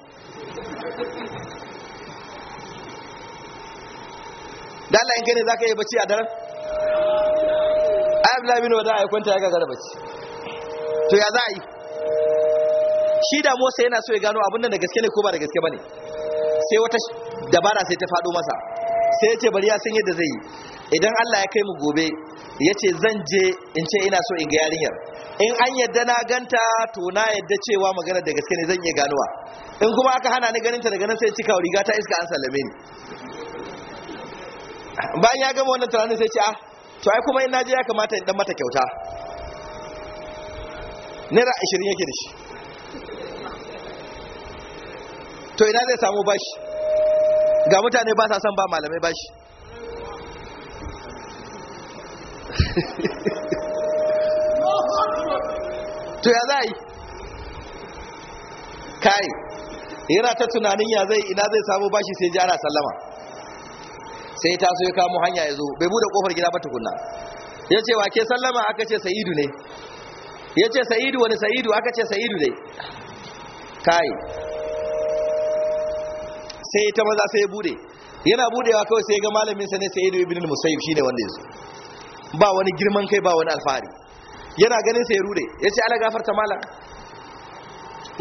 C: da Allah in kai zaka yi bacci a daren ai Abdullahi ibn Wada ya kwanta ya ga bacci to ya za a yi shi da mosa yana so ya gano abin nan da gaske ne ko ba da gaske ba ne sai wata dabara sai ta fado masa sai ya ce bari ya san yadda zai yi idan Allah ya kai mu gobe ya ce zan je in ce ina so in ga yarinyar in an yadda na ganta to na yadda cewa magana da gaske ne zan iya ganuwa? in kuma aka hana ni ganinta daga nan sai cika riga ta iska an sallame ni bayan ya gama wannan tunanin sai ce ah to ai kuma in naje ya kamata in dan mata kyauta naira 20 yake da shi to ina zai samu bashi ga mutane ba sa son ba malamai bashi
B: [LAUGHS]
C: to ya za yi kai yana ta tunanin ya zai ina zai samu bashi sai ji ana sallama sai ta so ya kamo hanya ya zo bai bude kofar gida ba tukunna ya ce wa ke sallama aka ce sa'idu ne ya ce sa'idu wani sa'idu aka ce sa'idu dai kai sai ta maza sai ya bude yana budewa kawai sai ga malamin sa ne sai ido ibn al-musayyib shine wanda yazo ba wani girman kai ba wani alfahari yana ganin sai ya rude yace ala gafarta malam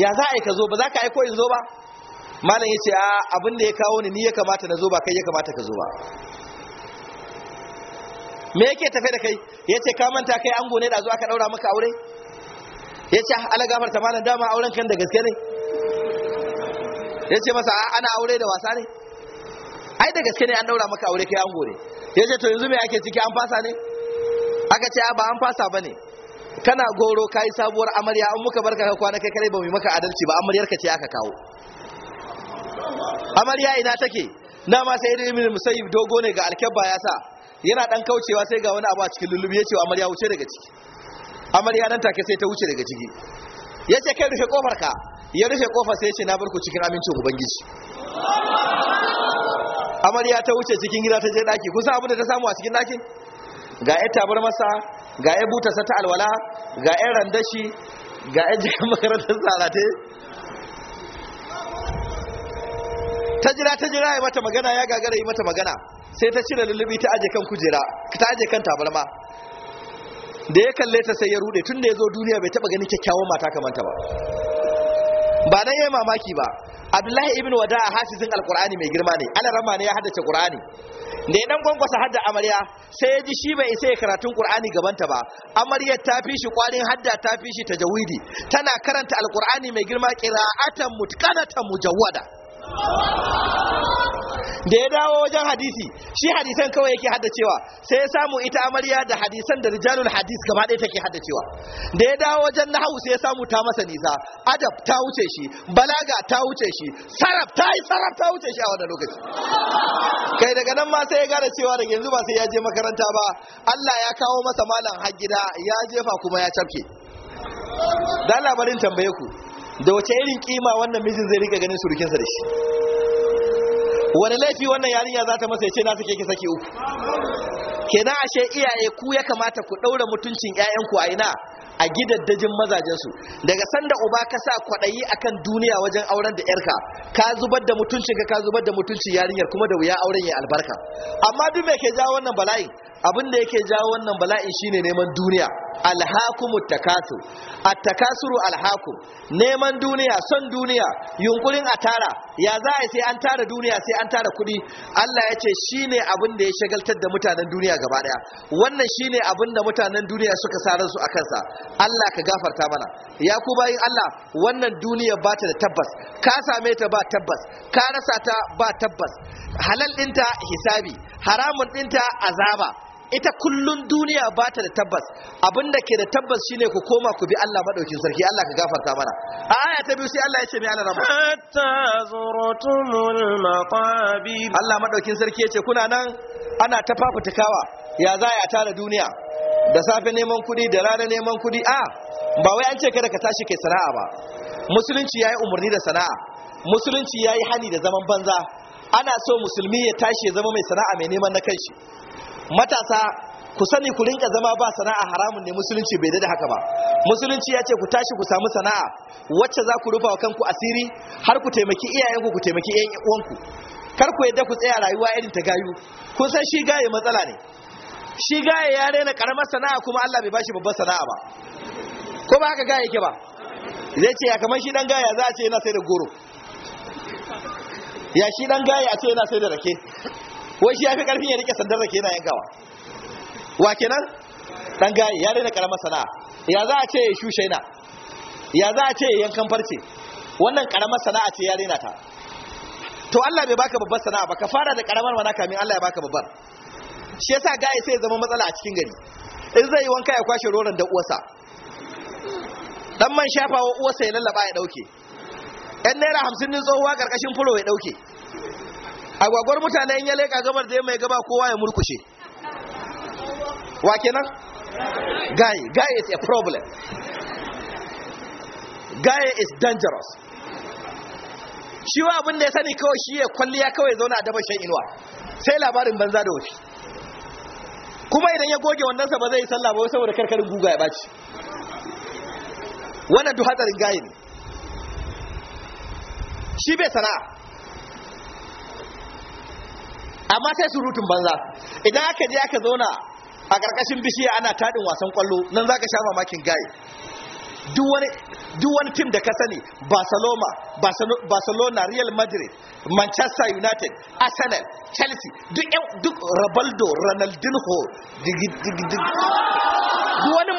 C: ya za a yi ka zo ba za ka aiko in zo ba malam yace a abin da ya kawo ni ni ya kamata na zo ba kai ya kamata ka zo ba me yake tafe da kai yace ka manta kai ango ne da zo aka daura maka aure yace ah, ala gafarta malam dama auren kan da gaske ne ya ce masa ana aure da wasa ne ai da gaske ne an daura maka aure kai an gore ya ce to yanzu me ake ciki an fasa ne aka ce ba an fasa ba kana goro kayi sabuwar amarya an muka barka ka kwana kai kare ba mu maka adalci ba amaryar ka ce aka kawo amarya ina take na ma sai irin musayyib dogo ne ga alkebba ya sa yana dan kaucewa sai ga wani abu a cikin lullubi ya ce amarya wuce daga ciki amarya nan take sai ta wuce daga ciki ya ce kai rufe kofar ka ya rufe kofa sai ce na barku cikin amincin ubangiji amarya ta wuce cikin gida ta je daki kusa abu da ta samu a cikin dakin ga ya tabar masa ga ya buta sa ta alwala ga ya randashi ga ya jikin [LAUGHS] makarantar tsarate ta jira ta jira ya mata magana ya gagara yi mata magana sai ta cire lullubi ta aje kan kujera ta aje kan tabarma da ya kalle ta sai ya rude tun da ya zo duniya bai taba ganin kyakkyawan mata kamanta ba ba nan yayi mamaki ba abdullahi ibn wada'a hafizin alqur'ani mai girma ne rama ne ya haddace qur'ani da ya dan gwangwasa hadda amarya sai ya ji shi bai isa ya karatun qur'ani gabanta ba amaryar ta fi shi kwarin hadda ta fi shi tajawidi tana karanta alqur'ani mai girma qira'atan mutqanatan mujawwada da ya dawo wajen hadisi shi hadisan kawai yake haddacewa sai ya samu ita amarya da hadisan da rijalul hadis gaba ɗaya take haddacewa da ya dawo wajen nahawu sai ya samu ta masa nisa adab ta wuce shi balaga ta wuce shi sarab ta yi sarab ta wuce shi a wannan lokaci kai daga nan ma sai ya gane cewa daga yanzu ba sai ya je makaranta ba Allah ya kawo masa malam har gida ya jefa kuma ya cafke da labarin tambaye ku da wace irin kima wannan mijin zai rika ganin surukinsa da shi wani laifi wannan yarinya za ta masa ya ce na suke ki saki uku na ashe iyaye ku ya kamata ku ɗaura mutuncin 'ya'yanku a ina a gidaddajin mazajensu daga sanda uba ka sa kwaɗayi akan duniya wajen auren da yarka ka zubar da mutuncin ka zubar da mutuncin yarinyar kuma da wuya auren ya albarka amma duk me ke jawo wannan bala'in abin da yake jawo wannan bala'in shine neman duniya alhakumut takasu attakasuru alhaku, neman duniya son duniya yunkurin a tara ya za a sai an tara duniya sai an tara kudi Allah ya ce shine abin da ya shagaltar da mutanen duniya gaba daya wannan shine abin da mutanen duniya suka sa ransu a kansa Allah ka gafarta mana ya ku bayin Allah wannan duniya ba ta da tabbas ka same ta ba tabbas ka rasa ta ba tabbas halal ɗinta hisabi haramun ɗinta azaba ita kullun duniya ba ta da tabbas abinda ke da tabbas shine ku koma ku bi Allah madaukin sarki Allah ka gafarta mana a aya ta biyu sai Allah ya ce mai Allah rabba hatta zuratumul maqabir Allah madaukin sarki ya ce kuna nan ana ta fafutakawa ya za ya tara duniya da safe neman kuɗi da rana neman kuɗi a ba wai an ce kada ka tashi kai sana'a ba musulunci yayi umarni da sana'a musulunci yayi hani da zaman banza ana so musulmi ya tashi ya zama mai sana'a mai neman na kanshi matasa ku sani ku rinka zama ba sana'a haramun ne musulunci bai da haka ba musulunci ya ce ku tashi ku samu sana'a wacce za ku rufa wa kanku asiri har ku taimaki iyayenku ku taimaki yan uwanku kar ku yadda ku tsaya rayuwa irin ta gayu kun san shi gaye matsala ne shi gaye ya rena karamar sana'a kuma Allah bai bashi babbar sana'a ba ko ba haka gaye yake ba zai ce ya kamar shi dan gaya za a ce yana sai da goro ya shi dan gaya a ce yana sai da rake wai shi ya fi karfin ya rike sandar ke yana yankawa wa kenan dan gaye ya daina ƙaramar sana'a ya za a ce ya shushe na ya za a ce ya yankan farce wannan ƙaramar sana'a ce ya daina ta to Allah bai baka babbar sana'a ba ka fara da karamar mana kamin Allah ya baka babbar shi yasa gaye sai ya zama matsala a cikin gari in zai yi wanka ya kwashe roron da uwarsa dan man shafawa uwarsa ya lallaba ya ɗauke. yan naira hamsin ne tsohuwa karkashin fulo ya ɗauke. agwagwar mutane in ya leka gabar ya mai gaba kowa ya murkushe wa nan, guy guy is a problem guy is dangerous shi wa abin da ya sani kawai shi ya kwalliya kawai zauna a dabashin inuwa sai labarin banza da wafi kuma idan ya goge sa ba zai yi sallah ba saboda karkarin guga ya baci wannan duhatsarin gayin shi bai sana'a amma sai surutun banza idan aka je aka zauna a ƙarƙashin bishiya ana taɗin wasan kwallo nan za ka sha mamakin gaye duk tim da ka sani barcelona barcelona real madrid manchester united arsenal chelsea duk rabaldo ronaldinho duk wani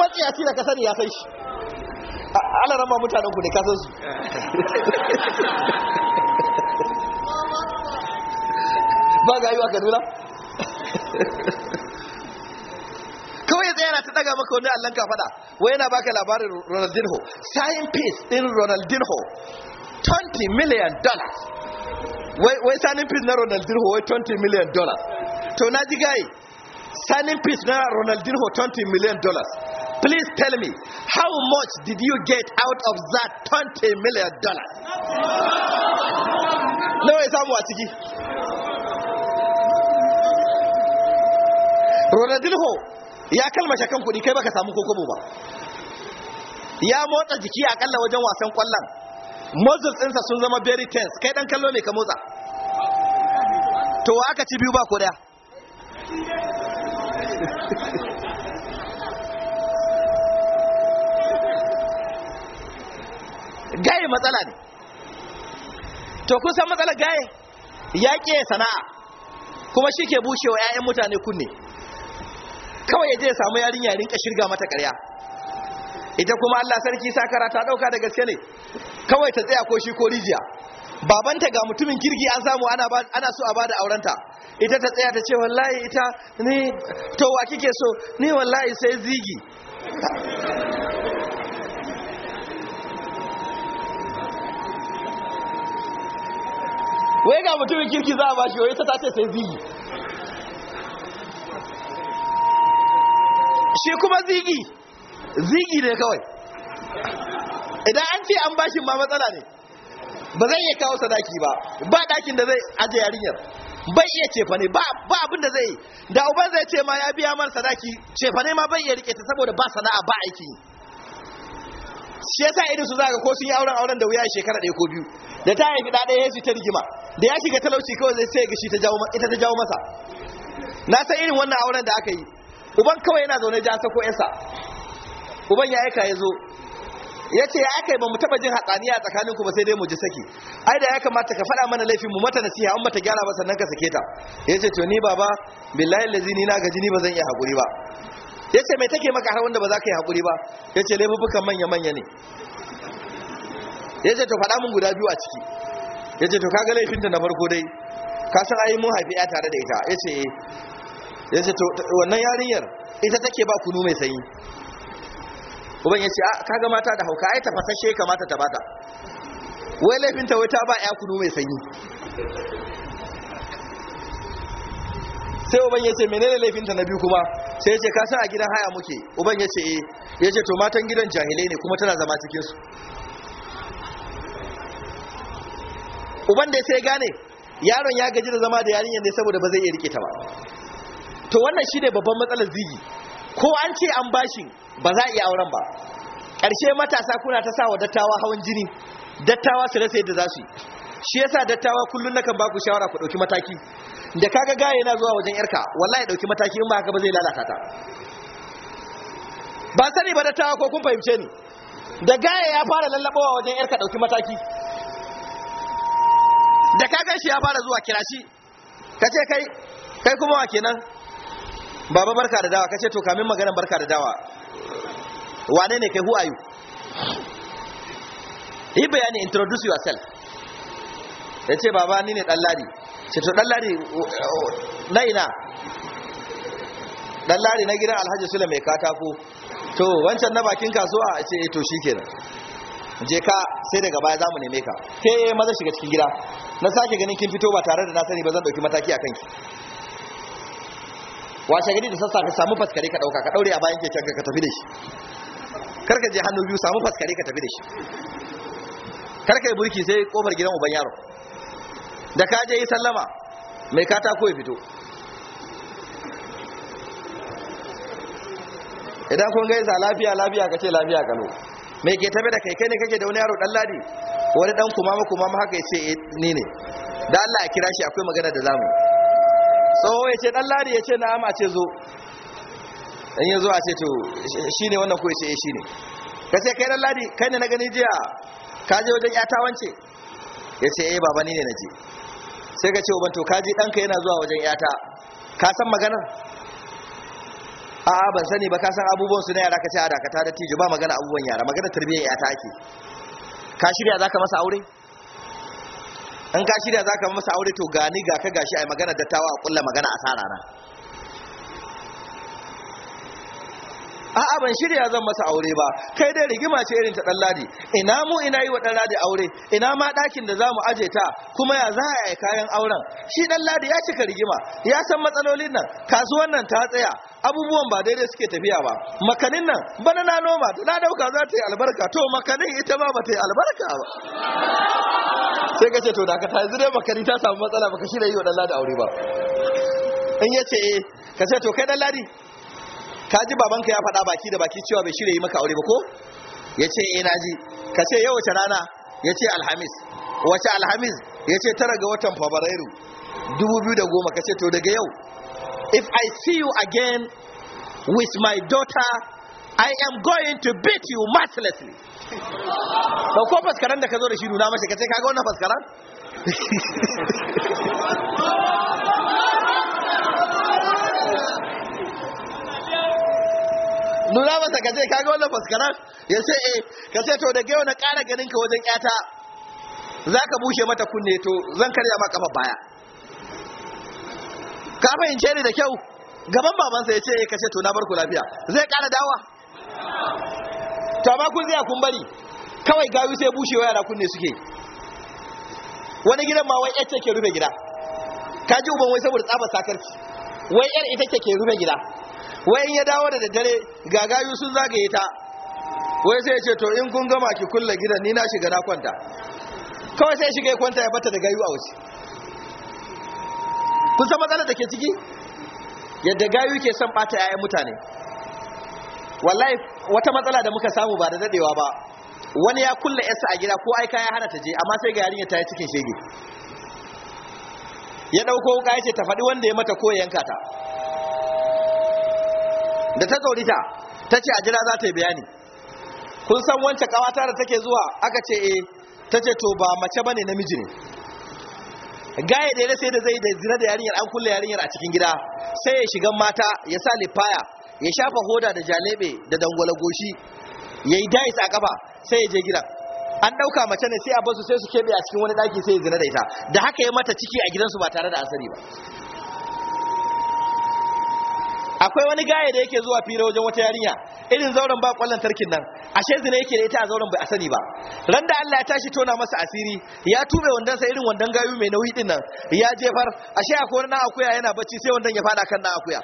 C: da ka sani ya sai shi ala rama mutanen ne ka su [LAUGHS] ba ga yiwa kaduna [LAUGHS] kawai ya yana ta daga maka wani allon kafada wai yana baka labarin ronaldinho sayin peace din ronaldinho 20 million dollars wai signing peace na ronaldinho wai 20 million dollars to na ji gaye signing peace na ronaldinho 20 million dollars please tell me how much did you get out of that 20 million dollars [LAUGHS] nawa ya samu a ciki ronaldinho ya kalmashe kan kuɗi kai baka samu kokobo ba ya motsa jiki akalla wajen wasan kwallon muscles ɗinsa sun zama very tense kai dan kallo ne ka motsa to aka ci biyu ba ko daya [LAUGHS] gaye matsala ne to kun san matsala gaye ya sana'a kuma shi ke bushewa 'ya'yan mutane kunne kawai ya je ya samu yarinya ya rinka shirga mata ƙarya. ita kuma Allah sarki sa karata dauka da gaske ne kawai ta tsaya ko shi ko rijiya babanta ga mutumin girgi an samu ana ana so a bada aurenta ita ta tsaya ta ce wallahi ita ni to wa kike so ni wallahi sai zigi wai ga mutumin kirki za a bashi wai ta ta ce sai zigi shi kuma zigi zigi ne kawai idan an ce an bashi ma matsala ne ba zai iya kawo sadaki ba ba dakin da zai aje yarinyar bai iya cefa ne ba abin da zai da uban zai ce ma ya biya mar sadaki cefa ne ma bai iya rike ta saboda ba sana'a ba aiki shi yasa irin su zaka ko sun yi auren auren da wuya shekara ɗaya ko biyu da ta haifi ɗaɗa ya su ta rigima da ya shiga talauci kawai zai sai ga shi ta jawo ita ta jawo masa na san irin wannan auren da aka yi uban kawai yana zaune ja sako yasa uban ya aika ya zo ya ce ya aika ba mu taba jin hatsaniya tsakaninku ba sai dai mu ji saki ai da ya kamata ka faɗa mana laifin mu mata nasiha an mata gyara ba sannan ka sake ta ya ce to ni baba billahi lazi ni na gaji ni ba zan iya haƙuri ba ya ce mai take maka har wanda ba za ka yi haƙuri ba ya ce laifukan manya manya ne ya ce to faɗa mun guda biyu a ciki ya ce to kaga laifin ta na farko dai ka san ai mun haifi ya tare da ita ya ce ya ce to wannan yarinyar ita take ba kunu mai sanyi uban ya ce a ah, kaga mata da hauka ai tafasashe kamata ta bata wai laifinta wai ta ba ya kunu mai sanyi sai uban ya ce menene laifinta na biyu kuma sai ya ce ka san a gidan haya muke uban ya ce eh ya ce to matan gidan jahilai ne kuma tana zama cikinsu uban da sai gane yaron ya gaji da zama da yarinyar ne saboda ba zai iya rike ta ba to wannan shine babban matsalar zigi ko an ce an bashi ba za a iya auren ba ƙarshe matasa kuna ta sa wa dattawa hawan jini dattawa su rasa yadda za su yi shi yasa dattawa kullum na ba ku shawara ku ɗauki mataki da kaga gaya yana zuwa wajen yarka wallahi ɗauki mataki in ba haka ba zai lalata ta ba sani ba dattawa ko kun fahimce ni da gaya ya fara lallabawa wajen yarka ɗauki mataki da kaga shi ya fara zuwa kira shi ka ce kai kai kuma wa kenan baba barka da dawa kace to kamin magana barka da dawa wane ne kai who are you yi bayani introduce yourself ya ce baba ni ne ɗallari ce to ɗallari na ina ɗallari na gidan alhaji sule mai katako to wancan na bakin kasuwa a ce eh, to shi kenan je ka sai daga baya za mu neme ka ke maza shiga cikin gida na sake ganin kin fito ba tare da na sani ba zan ɗauki mataki a kanki washe gari da sassa ka samu faskare ka dauka ka daure a bayan keken ka tafi da shi karka je hannu biyu samu faskare ka tafi da shi karka yi burki sai kofar gidan uban yaro da ka je yi sallama mai katako ya fito idan kun za lafiya lafiya ka ce lafiya kalo mai ke tafi da kai kai ne kake da wani yaro dan ladi wani dan kumama kumama haka ya ce eh, ni ne da Allah ya kira shi akwai magana da zamu tsoho ya ce dan ladi ya ce na'am a ce zo in ya zo a ce to shi ne wannan ko ya ce eh, shi ne ka ce kai dan ladi kai ne na gani jiya ka je wajen yata wance ya ce eh baba ni ne na je sai ka ce wa banto ka ji ɗanka yana zuwa wajen yata ka san maganar a'a ban sani ba ka san abubuwan su na yara ka ce a dakata da tijo ba magana abubuwan yara magana tarbiyyar yata ake ka shirya za ka masa aure in ka shirya za masa aure to gani ga ka gashi a magana dattawa a kulla magana a sarara a'a ban shirya zan masa aure ba kai dai rigima ce irin ta dan ladi ina mu ina yi wa dan ladi aure ina ma dakin da zamu aje ta kuma ya za a yi kayan auren shi dan ladi ya cika rigima ya san matsalolin nan kasuwan nan ta tsaya abubuwan ba daidai suke tafiya ba makanin nan bana na noma da na dauka za ta yi albarka to makanin ita ma ba ta yi albarka ba sai ka ce to da ka ta yanzu dai makani ta samu matsala baka shirya yi wa dan ladi aure ba in ya ce eh, ka ce to kai dan ladi ka ji babanka ya faɗa baki da baki cewa bai shirya yi maka aure ba ko ya ce eh naji ka ce yau wace rana ya alhamis wace alhamis ya tara ga watan fabrairu 2010 ka ce to daga yau if i see you again with my daughter i am going to beat you mercilessly ba ko faskaran da ka zo da shi nuna mashi ka ce kaga wannan faskaran
B: [LAUGHS]
C: nuna masa ka ce kaga wannan faskarar ya ce eh ka ce to da gaiwa na ƙara ganin ka wajen ƴata za ka bushe mata kunne to zan karya ma kafa baya ka fahimce ni da kyau gaban babansa ya ce eh ka ce to na bar ku lafiya zai ƙara dawa to amma kun zai kun bari kawai gawi sai wa yara kunne suke wani gidan ma wai yace ke rufe gida ka ji uban wai saboda tsabar sakarci wai yar ita ke rufe gida wai in ya dawo da daddare ga gayu sun zagaye ta wai sai ya ce to in kun gama ki kulle gidan ni na shiga na kwanta kawai sai shiga ya kwanta ya bata da gayu a wuce kun san matsalar da ke ciki yadda gayu ke son bata 'ya'yan mutane wallahi wata matsala da muka samu ba da dadewa ba wani ya kulle yarsa a gida ko ai ya hana ta je amma sai ga yarinya ta yi cikin shege ya dauko wuka ya ce ta faɗi wanda ya mata ko yanka ta da ta tsorita ta ce a jira za ta yi bayani kun san wancan kawata da take zuwa aka ce e ta ce to ba mace ba bane namiji ne gaya da ya sai da zai da zina da yarinyar an kulle yarinyar a cikin gida sai ya shiga mata ya sa lifaya ya shafa hoda da jalebe da dangwala goshi ya yi dais a kafa sai ya je gida an ɗauka mace ne sai a basu sai su keɓe a cikin wani ɗaki sai ya zina da ita da haka ya mata ciki a gidansu ba tare da asali ba akwai wani gaya da yake zuwa fira wajen wata yarinya irin zauren ba kwallon tarkin nan ashe zina yake da ita a zauren bai a sani ba ran da Allah ya tashi tona masa asiri ya tube wandan sa irin wandan gayu mai nauyi din nan ya jefar ashe akwai wani akuya yana bacci sai wandan ya fada kan na akuya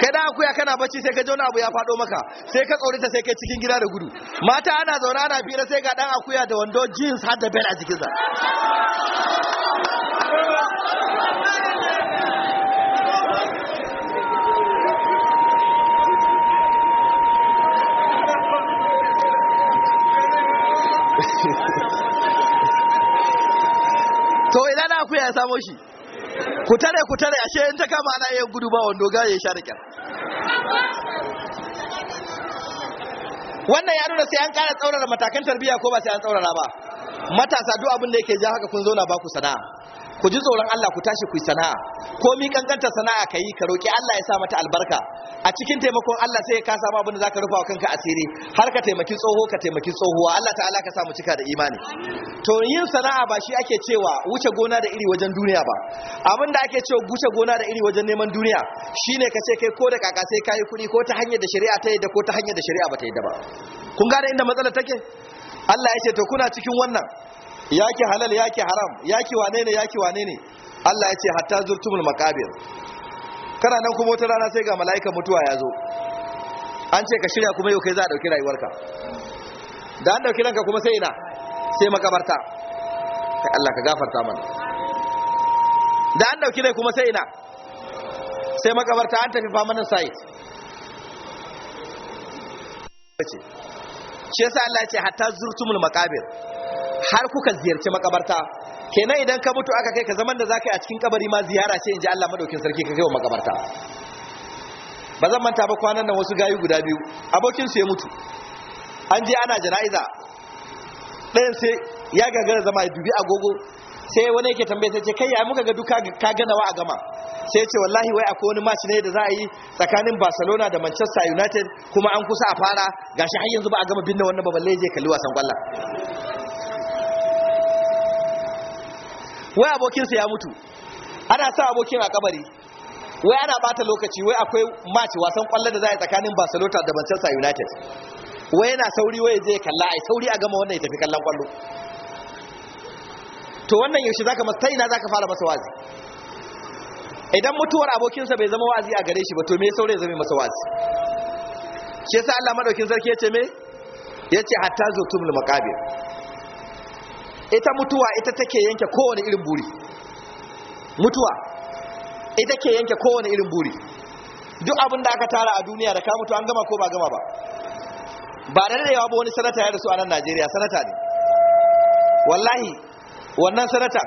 C: kai da akuya kana bacci sai ka jauna abu ya fado maka sai ka tsorita sai kai cikin gida da gudu mata ana zaune ana fira sai ga dan akuya da wando jeans har da bel a jikinsa
B: [LAUGHS]
C: to ina na akuya ya samo shi ku tare ku tare ashe in ta kama ana yin gudu ba wando ga ya sha da wannan ya nuna sai an ƙara tsaurara matakan tarbiyya ko ba sai an tsaurara ba matasa duk abin da yake ja haka kun zauna ba ku sana'a ku ji tsoron Allah ku tashi ku yi sana'a ko mi kankanta sana'a ka yi ka roki Allah ya sa mata albarka a cikin taimakon Allah sai ya ka samu abin da zaka rufa wa kanka asiri har ka taimaki tsoho ka taimaki tsohuwa Allah ta'ala ka samu cika da imani to yin sana'a ba shi ake cewa wuce gona da iri wajen duniya ba abin da ake cewa wuce gona da iri wajen neman duniya shine ka ce kai ko da kaka sai kayi kuɗi ko ta hanyar da shari'a ta yadda ko ta hanyar da shari'a ba ta yadda ba kun gane inda matsalar take Allah ya ce to kuna cikin wannan yaki halal yaki haram yaki wane ne yaki wane ne Allah ya ce hatta zurtumul makabir. kana nan kuma wata rana sai ga mala'ika mutuwa ya zo an ce ka shirya kuma yau kai za a dauki rayuwarka da an dauki ranka kuma sai ina sai makabarta kai Allah ka gafarta mana da an dauki rai kuma sai ina sai makabarta an tafi famanin site ce shi yasa Allah ya ce hatta zurtumul makabir. har kuka ziyarci makabarta kenan idan ka mutu aka kai ka zaman da zaka yi a cikin kabari ma ziyara ce inji Allah madaukin sarki ka kai wa makabarta ba zan manta ba kwanan nan wasu gayu guda biyu abokin su ya mutu an je ana jana'iza ɗayan sai ya gagara zama ya dubi agogo sai wani yake tambaye sai ce kai ya muka ga duka ka ganawa a gama sai ce wallahi wai akwai wani match ne da za a yi tsakanin Barcelona da Manchester United kuma an kusa a fara gashi har yanzu ba a gama binne wannan ba balle je kalli wasan kwallon wai abokinsa ya mutu ana sa abokin a kabari wai ana bata lokaci wai akwai match wasan kwallo da za a yi tsakanin barcelona da manchester united wai yana sauri wai zai kalla ai sauri a gama wannan ya tafi kallon kwallo to wannan yaushe zaka masa taina zaka fara masa wazi idan mutuwar abokinsa bai zama wazi a gare shi ba to me saurayi zama masa wazi shi yasa Allah madaukin sarki ya ce me yace hatta zutum al maqabir ita mutuwa ita take yanke kowane irin buri mutuwa ita ke yanke kowane irin buri duk abin da aka tara a duniya da ka mutu an gama ko ba gama ba ba da yawa ba wani sanata ya rasu a nan najeriya sanata ne wallahi wannan sanata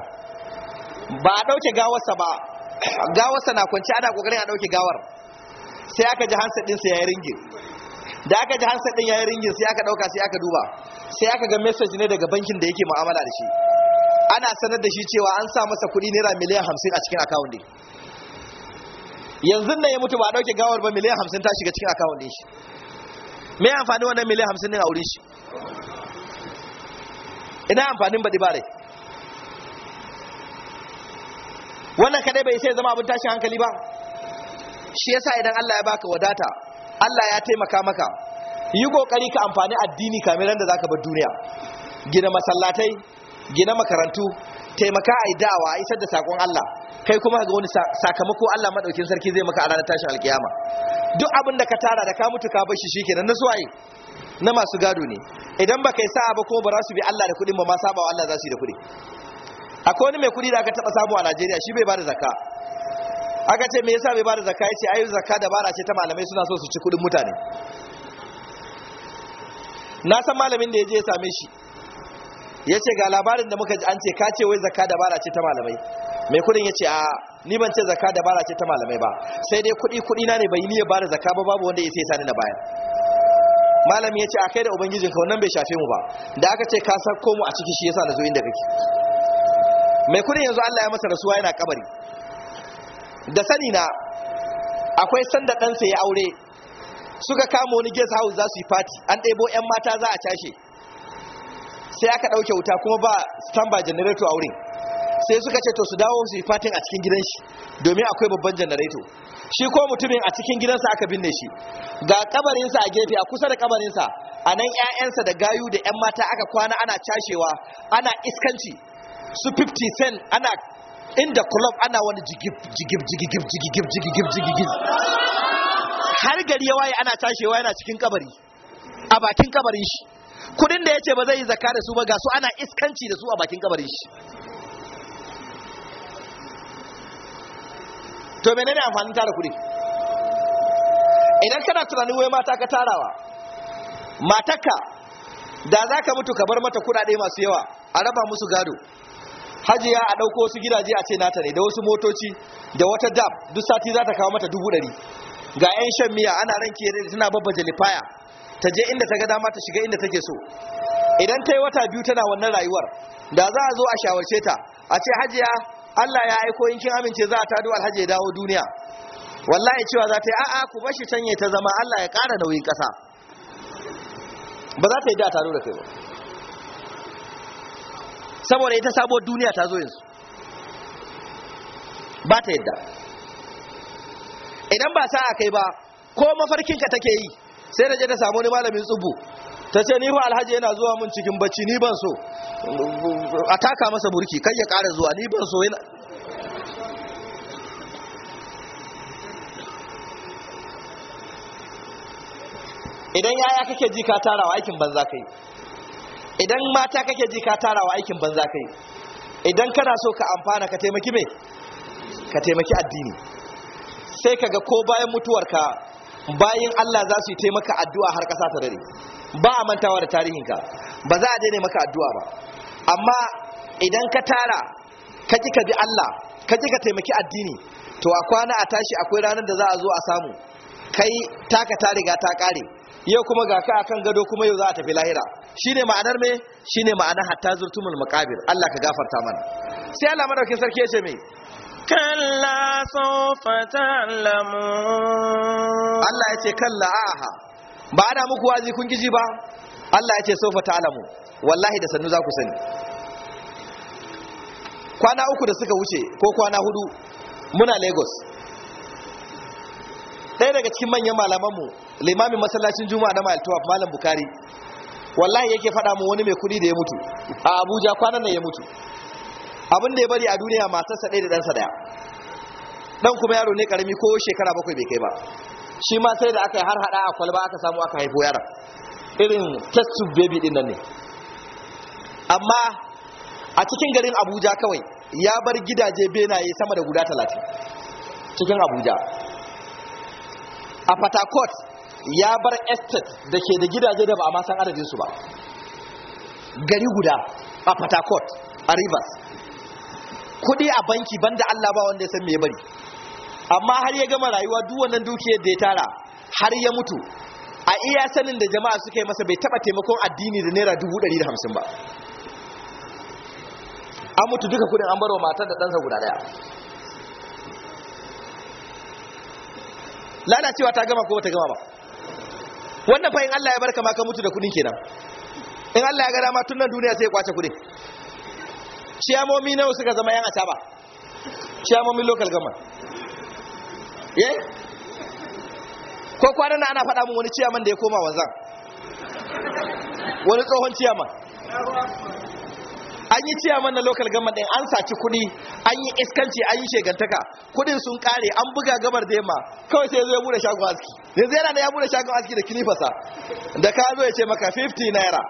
C: ba a ɗauke gawarsa ba gawarsa na kwanci ana ƙoƙarin a ɗauke gawar sai aka ji hansa ɗinsa ya yi ringin da aka ji handset din yayin ringin sai aka dauka sai aka duba sai aka ga message ne daga bankin da yake mu'amala da shi ana sanar da shi cewa an sa masa kuɗi naira miliyan hamsin a cikin akawun din yanzu nan ya mutu ba a dauke gawar ba miliyan hamsin ta shiga cikin akawun din shi me amfani wannan miliyan hamsin din a wurin shi ina amfanin ba dibare wannan kadai bai sai zama abin tashin hankali ba shi yasa idan Allah ya baka wadata Allah ya taimaka maka yi kokari ka amfani addini kamar da zaka bar duniya gina masallatai gina makarantu taimaka a da'awa a isar da sakon Allah kai kuma ga wani sakamako Allah madaukin sarki zai maka a ranar tashin alkiyama duk abin da ka tara da ka mutu ka bar shi shikenan na suwaye na masu gado ne idan ba kai sa'a ba kuma ba za su bi Allah da kuɗin ba ma saba Allah za su yi da kuɗi akwai wani mai kuɗi da aka taɓa samu a Najeriya shi bai ba da zakka aka ce me yasa bai bada zakka yace ayu zakka dabara ce ta malamai suna so su ci kudin mutane na san malamin da yaje ya same shi yace ga labarin da muka ji an ce ka ce wai zakka dabara ce ta malamai mai kudin yace a ni ban ce zakka dabara ce ta malamai ba sai dai kudi kudi na ne bai niyya bada zakka ba babu wanda yace sani na baya malami yace a kai da ubangiji ka wannan bai shafe mu ba da aka ce ka sako mu a ciki shi yasa na zo inda kake mai kudin yanzu Allah ya masa rasuwa yana kabari da sani na akwai sanda ɗansa ya aure suka kama wani guest house za su yi fati an ɗebo 'yan mata za a cashe sai aka ɗauke wuta kuma ba standby generator a wurin sai suka ce to su dawo su yi fatin a cikin gidan domin akwai babban janareto shi ko mutumin a cikin gidansa aka binne shi ga kabarinsa a gefe a kusa da kabarinsa anan nan 'ya'yansa da gayu da 'yan mata aka kwana ana cashewa ana iskanci su 50 cent ana inda club ana wani jigib jigib jigib jigib jigib jigib har gari ya waye ana tashewa yana cikin kabari a bakin kabarin shi kudin da yace ba zai yi zakka da su ba ga su ana iskanci da su a bakin kabarin shi to amfani amfanin tara kudi idan kana tunanin wai mata ka tarawa matarka da za ka mutu ka bar mata kudade masu yawa a raba musu gado hajiya a ɗauko wasu gidaje a ce nata ne da wasu motoci da wata dab duk sati za ta kawo mata dubu ɗari ga 'yan shan miya ana ranke da tana babba jalifaya ta je inda ta ga dama ta shiga inda take so idan ta yi wata biyu tana wannan rayuwar da za a zo a shawarce ta a ce hajiya allah ya aiko yankin amince za a tado alhaji ya dawo duniya wallahi cewa za ta yi a'a ku bashi canye ta zama allah ya ƙara nauyin ƙasa ba za ta yi da taro da kai ba saboda ita sabuwar duniya ta zo yanzu ba ta yadda idan ba sa'a kai ba ko mafarkinka take yi sai da je ta samu wani malamin tsubu ta ce ni ba alhaji yana zuwa mun cikin bacci ni ban so a taka masa burki kai ya ƙara zuwa ni ban so yana idan yaya kake ji ka tarawa aikin banza kai idan mata kake ji ka tarawa aikin banza kai idan kana so ka amfana ka taimaki me ka taimaki addini sai kaga ko bayan mutuwarka bayan Allah za su yi taimaka addu'a har kasa ta dare ba a mantawa da tarihinka ba za a daina maka addu'a ba amma idan ka tara ka kika bi Allah ka kika taimaki addini to a kwana a tashi akwai ranar da za a zo a samu kai taka ta riga ta kare yau kuma ga ka akan gado kuma yau za a tafi lahira shine ma'anar me ne ma'anar hatta zurtumul makabir Allah ka gafarta mana sai Allah madaukin sarki ya ce me kalla sawfa lamu. Allah ya ce kalla aha ba ana muku wazi kun giji ba Allah ya ce sawfa ta'lamu wallahi da sannu za ku sani kwana uku da suka wuce ko kwana hudu muna Lagos ɗaya daga cikin manyan malamanmu limamin masallacin juma'a na maltuwaf malam bukari wallahi yake faɗa mu wani mai kuɗi da ya mutu a abuja kwanan nan ya mutu abin da ya bari a duniya matarsa ɗaya da ɗansa ɗaya ɗan kuma yaro ne ƙarami ko shekara bakwai bai kai ba shi ma sai da aka yi har haɗa a kwalba aka samu aka haifo yara irin test tube baby ɗin nan ne amma a cikin garin abuja kawai ya bar gidaje benaye sama da guda talatin cikin abuja a fatakot ya bar estate da ke da gidaje da ba a masan adadinsu ba gari guda a fatakot a rivers kudi a banki banda allah ba wanda ya san mai bari amma har ya gama rayuwa duwannan dukiyar da ya tara har ya mutu a iya sanin da jama'a suka yi masa bai taba taimakon addini da naira dubu ɗari da hamsin ba an mutu duka kudin an baro matar da ɗansa guda ɗaya lalacewa ta gama ko ta gama ba wannan fa in Allah ya barka ma ka mutu da kudin kenan in Allah ya ga dama tun nan duniya sai ya kwace kudin ciyamomi nawa suka zama yan acaba Ciyamomi local government ye eh? ko kwanan ana faɗa mun wani ciyaman da ya koma wanzan wani tsohon ciyaman an yi ciyaman na local government din an saci kuɗi an yi iskanci an yi shegantaka kuɗin sun kare an buga gabar da yamma kawai sai zo ya bude shagon aski yanzu yana da ya bude shagon aski da kilifasa da ka zo ya ce maka 50 naira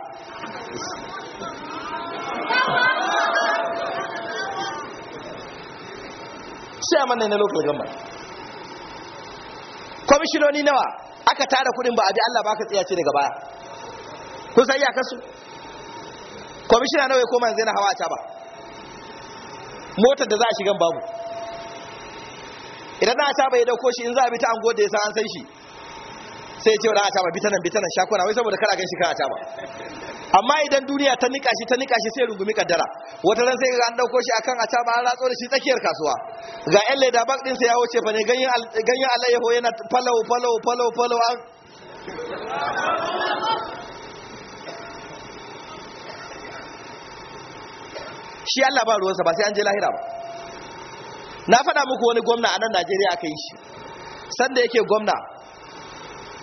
C: ciyaman ne na local government kwamishinoni nawa aka tara kuɗin ba a bi Allah ba ka ce daga baya kun san iyakarsu kwamishina nawa ya koma yanzu yana hawa a taba motar da za a shigan babu idan na taba ya dauko shi in za a bi ta an gode ya san an san shi sai ya ce wa na taba bitanan bitanan shakuna wai saboda kana gan shi kana taba amma idan duniya ta nika shi ta nika shi sai rungumi kaddara wata ran sai ga an dauko shi akan a taba an ratso da shi tsakiyar kasuwa ga yan leda bak din ya wuce fa ne ganyen ganyen alayyaho yana falaw falaw falaw an shi Allah ba ruwansa ba sai an je lahira ba na faɗa muku wani gwamna a nan Najeriya aka yi shi sanda yake gwamna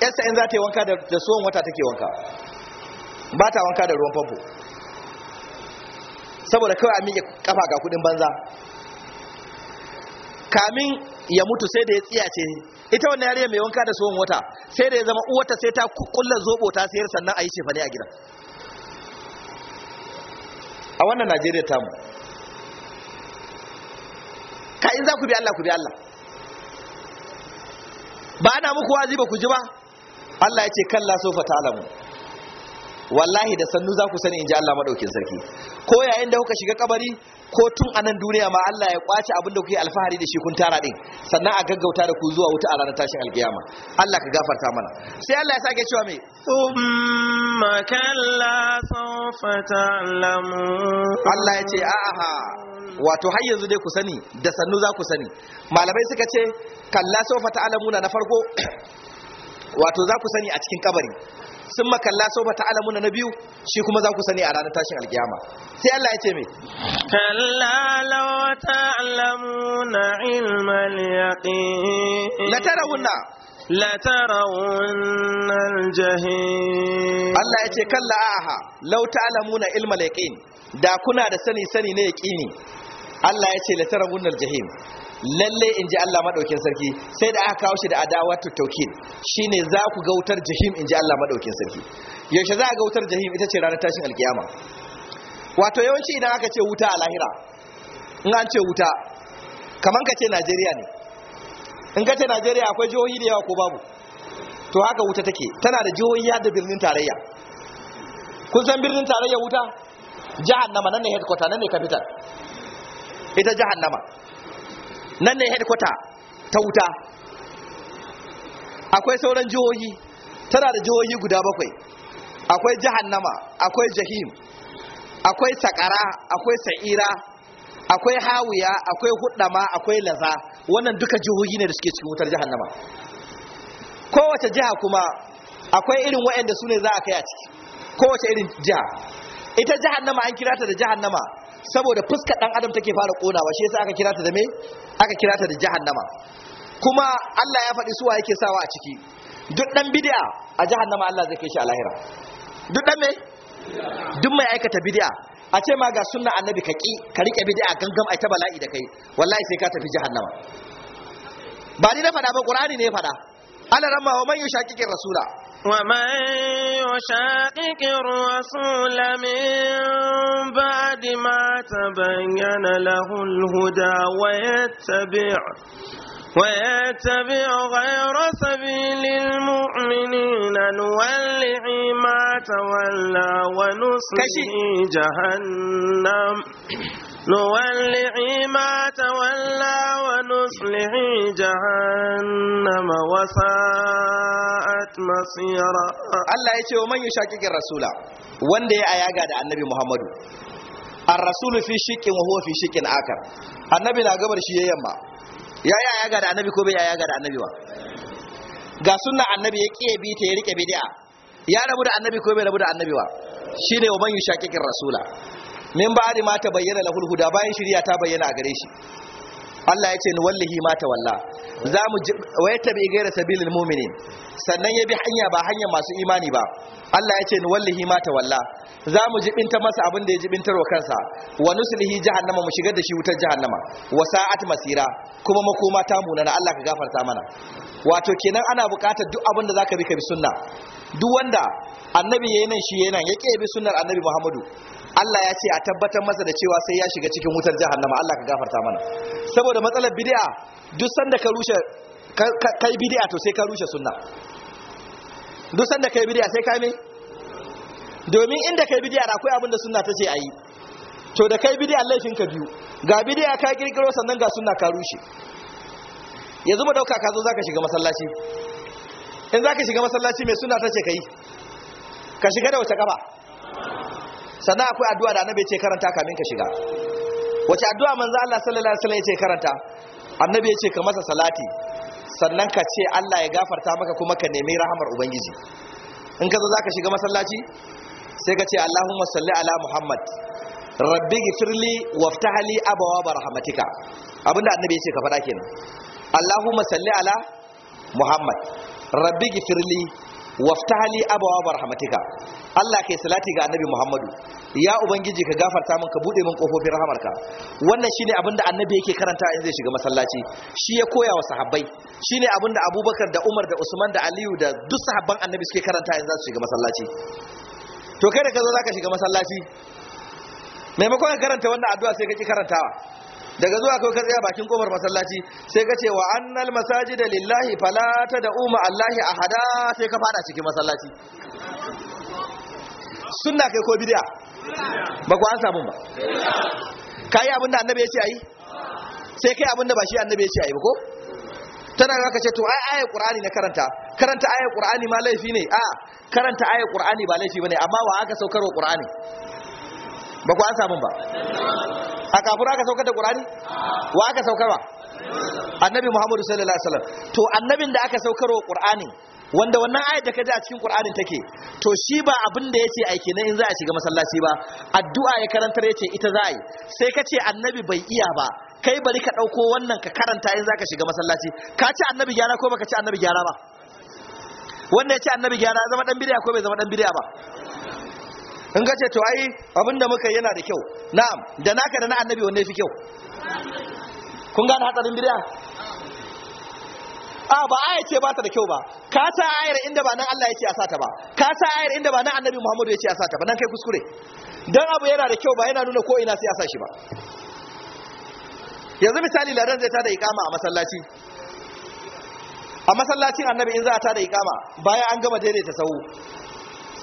C: yarsa in za ta yi wanka da tsohon wata take wanka ba ta wanka da ruwan famfo saboda kawai a miƙe kafa ga kudin banza kamin ya mutu sai da ya tsiyace ita wannan yariya mai wanka da tsohon wata sai da ya zama uwata sai ta kullar zobo ta sayar sannan a yi shefane a gidan a wannan najeriya tamu ka in za ku bi allah ku bi allah ba ana muku wazi ba ku ji ba allah ya ce kalla sofa ta alamu wallahi da sannu za ku sani in ji allah maɗaukin sarki ko yayin da kuka shiga kabari ko tun a nan duniya ma Allah ya kwace abin da kuke alfahari da shi kun tara din sannan a gaggauta da ku zuwa wuta a ranar tashin alkiyama Allah ka gafarta mana sai Allah ya sake cewa me Umma kalla sawfa ta'lamu Allah ya ce a'a wato har yanzu dai ku sani da sannu za ku sani malamai suka ce kalla sawfa ta'lamuna na farko [COUGHS] wato za ku sani a cikin kabari sun makalla sau ba ta'alamu na biyu shi kuma za ku sani a ranar tashin alkiyama sai Allah ya ce me kalla law ta'lamuna ilmal yaqin la tarawunna la tarawunna aljahim Allah ya ce kalla aha law na ilmal yaƙin, da kuna da sani sani ne yaqini Allah ya ce la tarawunna aljahim lalle in ji Allah maɗaukin sarki sai da aka kawo shi da adawatu shi shine za ku gautar jahim in ji Allah maɗaukin sarki yaushe za a gautar jahim ita ce ranar tashin alkiyama wato yawanci idan aka ce wuta a lahira in an ce wuta kaman ka ce Najeriya ne in ka ce Najeriya akwai jihohi da yawa ko babu to haka wuta take tana da jihohi ya da birnin tarayya kun san birnin tarayya wuta jahannama nan ne headquarter nan ne capital ita jahannama nan ne headquata ta wuta akwai sauran jihohi tana da jihohi guda bakwai akwai jahannama akwai jahim akwai sakara akwai sa'ira akwai hawuya, akwai hudama akwai laza wannan duka jihohi ne da suke cikin wutar jahannama kowace jiha kuma akwai irin wa'anda su ne za a kai a ciki kowace irin jiha ita jahannama an kira ta da jahannama saboda fuskar dan adam take fara konawa shi yasa aka kira ta da me aka kira ta da jahannama kuma Allah ya faɗi suwa yake sawa a ciki duk dan bid'a a jahannama Allah zai kai shi a lahira duk dan me duk mai aikata bid'a a ce ma ga sunna annabi ka ki ka rike bid'a gangam ai ta bala'i da kai wallahi sai ka tafi jahannama ba ni na faɗa ba qur'ani ne ya faɗa ala ramma wa man yushaqiqir rasula ومن
A: يشاقق الرسول من بعد ما تبين له الهدى ويتبع ويتبع غير سبيل المؤمنين نوله ما تولى ونصلي جهنم نولعه ما تولى ونصلح
C: جهنم وساءت مصيرا الله يتي ومن يشاكك الرسول wanda ya ayaga da annabi Muhammadu ar-rasul fi shikin wa fi shikin akar annabi na gabar shi yamma ya yi ayaga da annabi ko bai ayaga da annabi ba ga sunna annabi ya kiye bi ta ya rike bid'a ya rabu da annabi ko bai rabu da annabi ba shine wa man yushakikin rasula min ba ma ta bayyana lahul huda bayan shirya ta bayyana a gare shi Allah ya ce ni wallahi ma ta walla za mu waye tabi gaira sabilil mu'minin sannan ya bi hanya ba hanya masu imani ba Allah ya ce ni wallahi ma ta walla za mu jibinta masa abin da ya jibintar wa kansa wa nuslihi jahannama mu shigar da shi wutar jahannama wa sa'at masira kuma makoma ta munana Allah ka gafarta mana wato kenan ana buƙatar duk abin da zaka bi ka bi sunna duk wanda annabi yayin nan shi yayin nan ya bi sunnar annabi Muhammadu Allah ya ce a tabbatar masa da cewa sai ya shiga cikin wutar jahannama Allah ka gafarta mana saboda matsalar bid'a duk sanda ka rushe kai bid'a to sai ka rushe sunna duk sanda kai bid'a sai ka me domin inda kai bid'a akwai abin da sunna ta ce ayi to da kai bid'a laifin ka biyu ga bid'a ka kirkiro sannan ga sunna ka rushe yanzu mu dauka ka zo zaka shiga masallaci in zaka shiga masallaci mai sunna ta ce kai ka shiga da wata kafa sannan akwai addu'a da annabi ya ce karanta kamin ka shiga wace addu'a manzo Allah sallallahu alaihi wasallam ya ce karanta annabi ya ce ka masa salati sannan ka ce Allah ya gafarta maka kuma ka nemi rahamar ubangiji in ka zo zaka shiga masallaci sai ka ce Allahumma salli ala Muhammad rabbi gifirli waftahli abawaba rahmatika abinda annabi ya ce ka fada kenan Allahumma salli ala Muhammad rabbi gifirli waftahali abawa rahmatika, Allah kai salati ga annabi Muhammadu ya ubangiji ka gafarta min ka bude min kofofin rahamarka wannan shine abin da annabi yake karanta in zai shiga masallaci shi ya koya wa sahabbai shine abin da Abubakar da Umar da Usman da Aliyu da duk sahabban annabi suke karanta in za su shiga masallaci to kai da ka zo zaka shiga masallaci maimakon ka karanta wannan addu'a sai ka ki karantawa daga zuwa kai ka tsaya bakin kofar masallaci sai ka ce wa annal masajida lillahi fala tad'u ma allahi ahada sai ka fada cikin masallaci sunna kai ko bidiya ba ku an samu ba kai abinda annabi ya ce ayi sai kai abinda ba shi annabi ya ce ayi ba ko tana ga kace to ai ayat qur'ani na karanta karanta ayat qur'ani ma laifi ne a karanta ayat qur'ani ba laifi bane amma wa aka saukar qur'ani ba ku an samu ba a kafin aka saukar da ƙurani wa aka saukarwa annabi muhammadu sallallahu alaihi wasallam to annabin da aka saukarwa ƙurani wanda wannan ayat da ka ji a cikin ƙur'anin take to shi ba abin da yace aiki na in za a shiga masallaci ba addu'a ya karantar yace ita za a yi sai ce annabi bai iya ba kai bari ka ɗauko wannan ka karanta in za ka shiga masallaci ka ce annabi gyara ko baka ce annabi gyara ba Wannan ya ci annabi gyara zama ɗan birya ko bai zama ɗan birya ba in ka ce to ai abinda muka yi yana da kyau na'am da naka da na annabi wanne fi kyau kun gane hatsarin bid'a a ba aya ce ba ta da kyau ba ka sa ayar inda ba nan Allah ya ce a sata ba ka sa ayar inda ba nan annabi Muhammadu ya ce a sata ba nan kai kuskure dan abu yana da kyau ba yana nuna ko ina sai a sa shi ba yanzu misali ladan zai da ikama a masallaci a masallacin annabi in za a da ikama bayan an gama daidaita sahu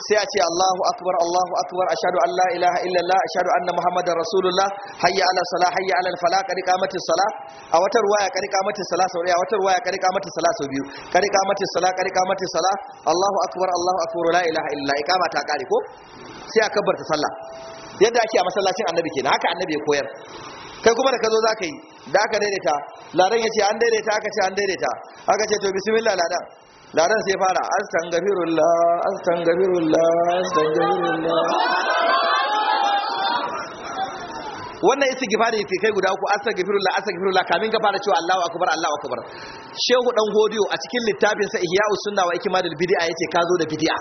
C: sai a ce Allahu akbar Allahu akbar ashhadu an la ilaha illallah ashhadu anna muhammadar rasulullah hayya ala salah hayya ala falah qad qamatis salah a wata ruwaya Kari qamatis salah sau a wata ruwaya Kari qamatis salah sau biyu qad qamatis salah qad qamatis salah Allahu akbar Allahu akbar la ilaha illallah ikama ta kare ko sai a kabbarta sallah yadda ake a masallacin annabi kenan haka annabi ya koyar kai kuma da ka zaka yi da aka daidaita laran yace an daidaita aka ce an daidaita aka ce to bismillah ladan ladan sai fara astangafirullah astangafirullah astangafirullah wannan istighfari sai kai guda uku astaghfirullah astaghfirullah kamin ka fara cewa Allahu akbar Allahu akbar shehu dan godiyo a cikin littafin sa ihya'u sunna wa ikmalul bid'a yace ka zo da bid'a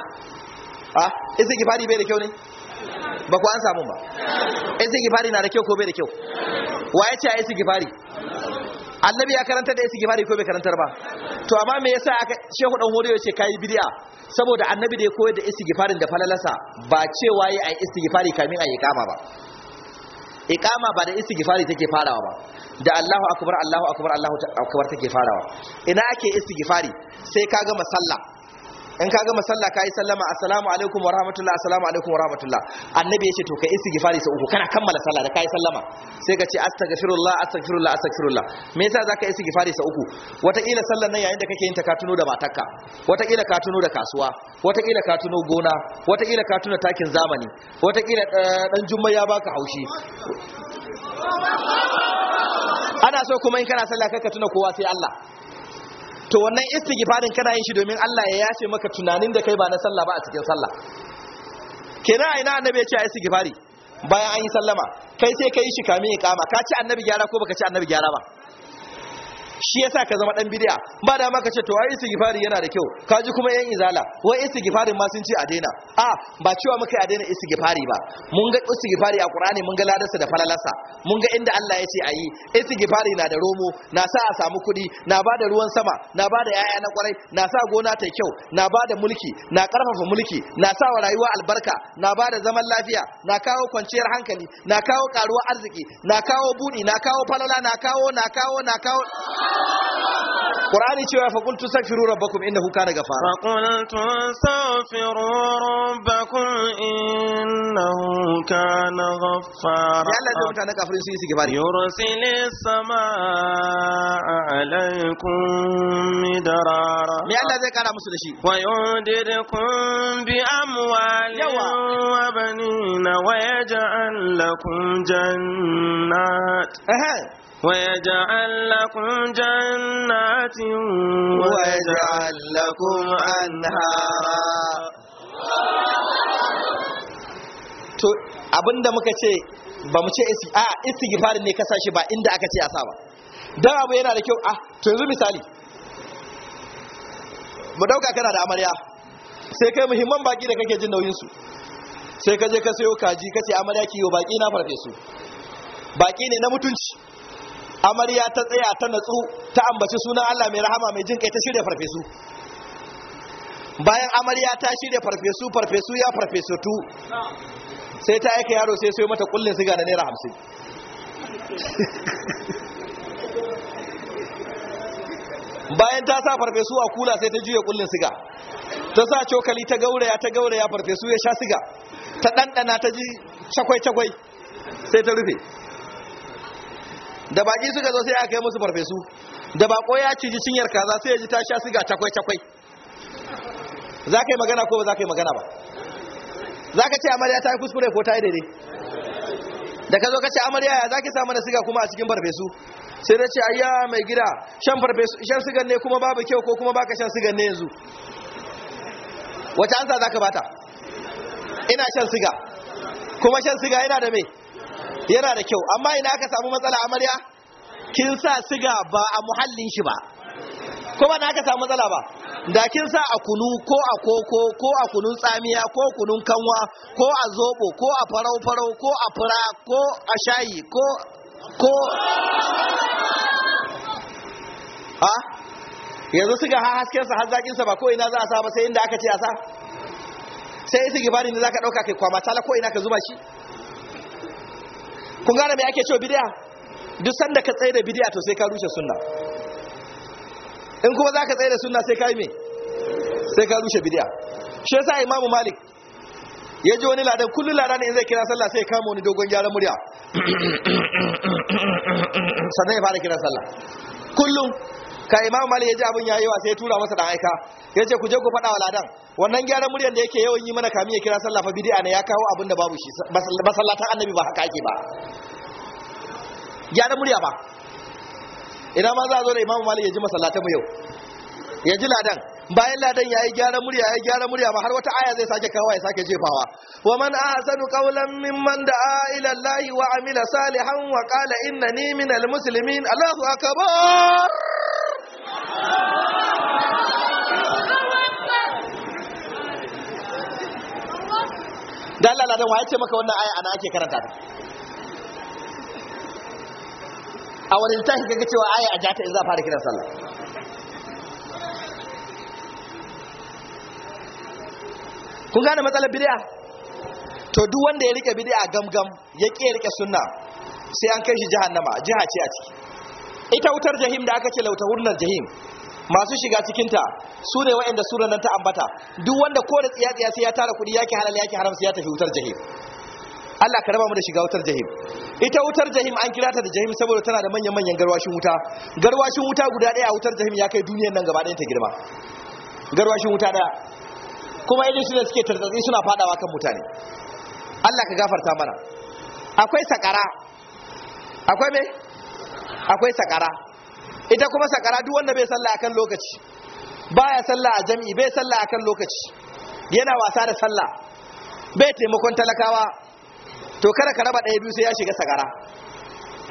C: ah istighfari bai da kyau ne ba ku an samu ba istighfari na da kyau ko bai da kyau wa yace istighfari annabi ya karanta da istighfari ko bai karantar ba to amma me yasa aka shehu dan horiyo yace kai bid'a saboda annabi da ya koyar da istighfarin da falalasa ba cewa yi ai istighfari kamin ai iqama ba iqama ba da istighfari take farawa ba da Allahu akbar Allahu akbar Allahu akbar take farawa ina ake istighfari sai kaga masalla. in ka gama sallah kai sallama assalamu alaikum wa rahmatullah assalamu alaikum wa rahmatullah annabi yace to kai istighfari sa uku kana kammala sallah da kai sallama sai ka ce astaghfirullah astaghfirullah astaghfirullah me yasa zaka istighfari sa uku wataƙila sallan nan yayin da kake yin ta ka tuno da matarka wataƙila ka tuno da kasuwa wataƙila ka tuno gona wataƙila ka tuno takin zamani wataƙila dan eh, jummai ya baka haushi ana so kuma in kana sallah ka tuna kowa sai Allah to wannan istighfarin kana yin shi domin Allah ya yace maka tunanin da kai ba na sallah ba a cikin sallah kenan ina annabi ya ce istighfari bayan an yi sallama kai sai kai shi kamin iqama ka ci annabi gyara ko baka ci annabi gyara ba shi yasa ka zama dan bid'a ba da ma ka ce to ai istighfari yana da kyau ka ji kuma yan izala wai istighfari ma sun ce a daina a ba cewa muka yi a daina istighfari ba mun ga istighfari a Qur'ani mun ga ladarsa da falalarsa mun ga inda Allah ya ce ayi istighfari na da romo na sa a samu kuɗi na ba da ruwan sama na ba da yaya na kwarai na sa gona ta kyau na ba da mulki na karfafa mulki na sa wa rayuwa albarka na ba da zaman lafiya na kawo kwanciyar hankali na kawo karuwar arziki na kawo budi na kawo falala na kawo na kawo na kawo Qur'ani cewa fa qultu astaghfiru rabbakum innahu kana ghafara fa qultu astaghfiru
A: rabbakum innahu
C: kana ghafara ya
A: Allah da mutane kafirin su yi su gifari yursilu samaa alaykum midarara. me Allah zai kara musu da shi wa yudidukum bi amwalin wa banina wa yaj'al lakum jannat ويجعل لكم جنات
C: ويجعل لكم أنهارا to abinda muka ce ba mu ce a istighfar ne kasa shi ba inda aka ce a ba dan abu yana da kyau ah to yanzu misali mu dauka kana da amarya sai kai muhimman baki da kake jin nauyin su sai ka je ka sayo kaji kace amarya ki yo baki na farfe su baki ne na mutunci amarya ta tsaya ta natsu ta ambaci sunan Allah mai rahama mai jin kai ta shirya farfesu bayan amarya ta shirya farfesu farfesu ya farfesu tu sai ta aika yaro sai sai mata kullun siga da naira hamsin [LAUGHS] bayan ta sa farfesu a kula sai ta juya kullun siga ta sa cokali ta gauraya ta gauraya farfesu ya sha siga ta ɗanɗana ta ji cakwai-cakwai sai ta rufe da baki suka zo sai aka kai musu farfesu da bako ya ji cinyar kaza sai ya ji ta sha siga takwai takwai. za ka yi magana ko ba za ka yi magana ba za ka ce amarya ta yi kuskure ko ta yi daidai da ka zo ka ce amarya ya za ki samu da siga kuma a cikin farfesu sai da ce ayya mai gida shan farfesu shan sigan ne kuma babu kyau ko kuma baka shan sigan ne yanzu wace ansa za ka bata ina shan siga kuma shan siga yana da mai yana da kyau amma ina aka samu matsala amarya kin sa siga ba a muhallin shi ba ko ba na aka samu matsala ba da kin sa a kunu ko a koko ko a kunun tsamiya ko kunun kanwa ko a zobo ko a farau farau ko a fura ko a shayi ko ko a yanzu siga ha sa har sa ba ko ina za a sa ba sai inda aka ce a sa sai isi gibari da za ka ɗauka kai kwamata ko ina ka zuba shi kun gane me ake cewa bidiya duk sanda ka tsaye da bidiya to sai ka rushe sunna in kuma za ka tsaye da sunna sai ka yi mai sai ka rushe bidiya. shi yasa imamu malik ya ji wani ladan kullum ladan in zai kira sallah sai ya kama wani dogon gyaran murya [COUGHS] sannan ya fara kira sallah kullum ka imamu malik ya ji abin yayi wa sai ya tura masa dan aika ya ce ku je ku faɗa wa ladan wannan gyaran muryan da yake yawan yi mana kamin ya kira sallah fa bid'a ne ya kawo abin da babu shi masallatan annabi ba haka ake ba gyaran murya ba ina ma za a zo da imamu malik ya ji masallatan mu yau ya ji ladan bayan ladan yayi gyaran murya yayi gyaran murya ba har wata aya zai sake kawo ya sake jefawa wa man ahsanu qawlan mimman da'a ila allahi wa amila salihan wa qala innani minal muslimin allahu akbar da Allah ladan wa ya ce maka wannan aya ana ake karanta ta a wani littafi kaga cewa aya a jata in za a fara kiran sallah kun gane matsalar bid'a to duk wanda ya rike bid'a gamgam ya ƙi rike sunna sai an kai shi jahannama jiha ce a ciki ita wutar jahim da aka ce lautahurnar jahim masu shiga cikinta su ne wa'inda suran nan ta ambata duk wanda ko da tsiya-tsiya sai ya tara kuɗi yake halal yake haram sai ya tafi wutar jahim Allah ka raba mu da shiga wutar jahim ita wutar jahim an kira ta da jahim saboda tana da manyan manyan garwashin wuta garwashin wuta guda ɗaya a wutar jahim ya kai duniyar nan gaba ɗayan ta girma garwashin wuta ɗaya kuma irin su da suke tartatsi suna fadawa kan mutane Allah ka gafarta mana akwai sakara akwai me akwai sakara ita kuma sakara duk wanda bai sallah akan lokaci baya sallah a jami'i bai sallah akan lokaci yana wasa da sallah bai taimakon talakawa to kada ka raba ɗaya biyu sai ya shiga sakara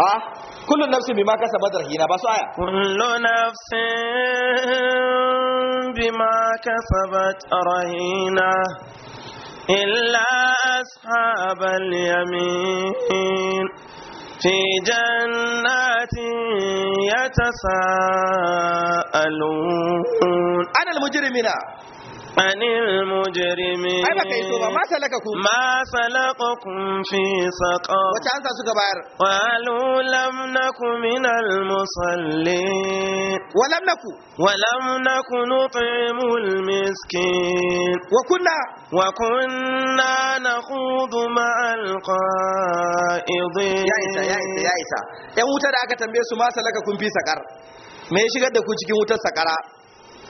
C: a kullun nafsi bima kasabat rahina ba su aya
A: kullu nafsin bima kasabat rahina illa ashabal yamin في جنات يتساءلون عن المجرمين عن المجرمين ما سلككم ما سلككم في سقر قالوا لم نك من المصلين ولم نك ولم نك نطعم المسكين وكنا
C: وكنا نخوض مع القائضين يا عيسى يا عيسى يا عيسى يا wuta da aka tambaye su ma salaka kun fi sakar me ya shigar da ku cikin wutar sakara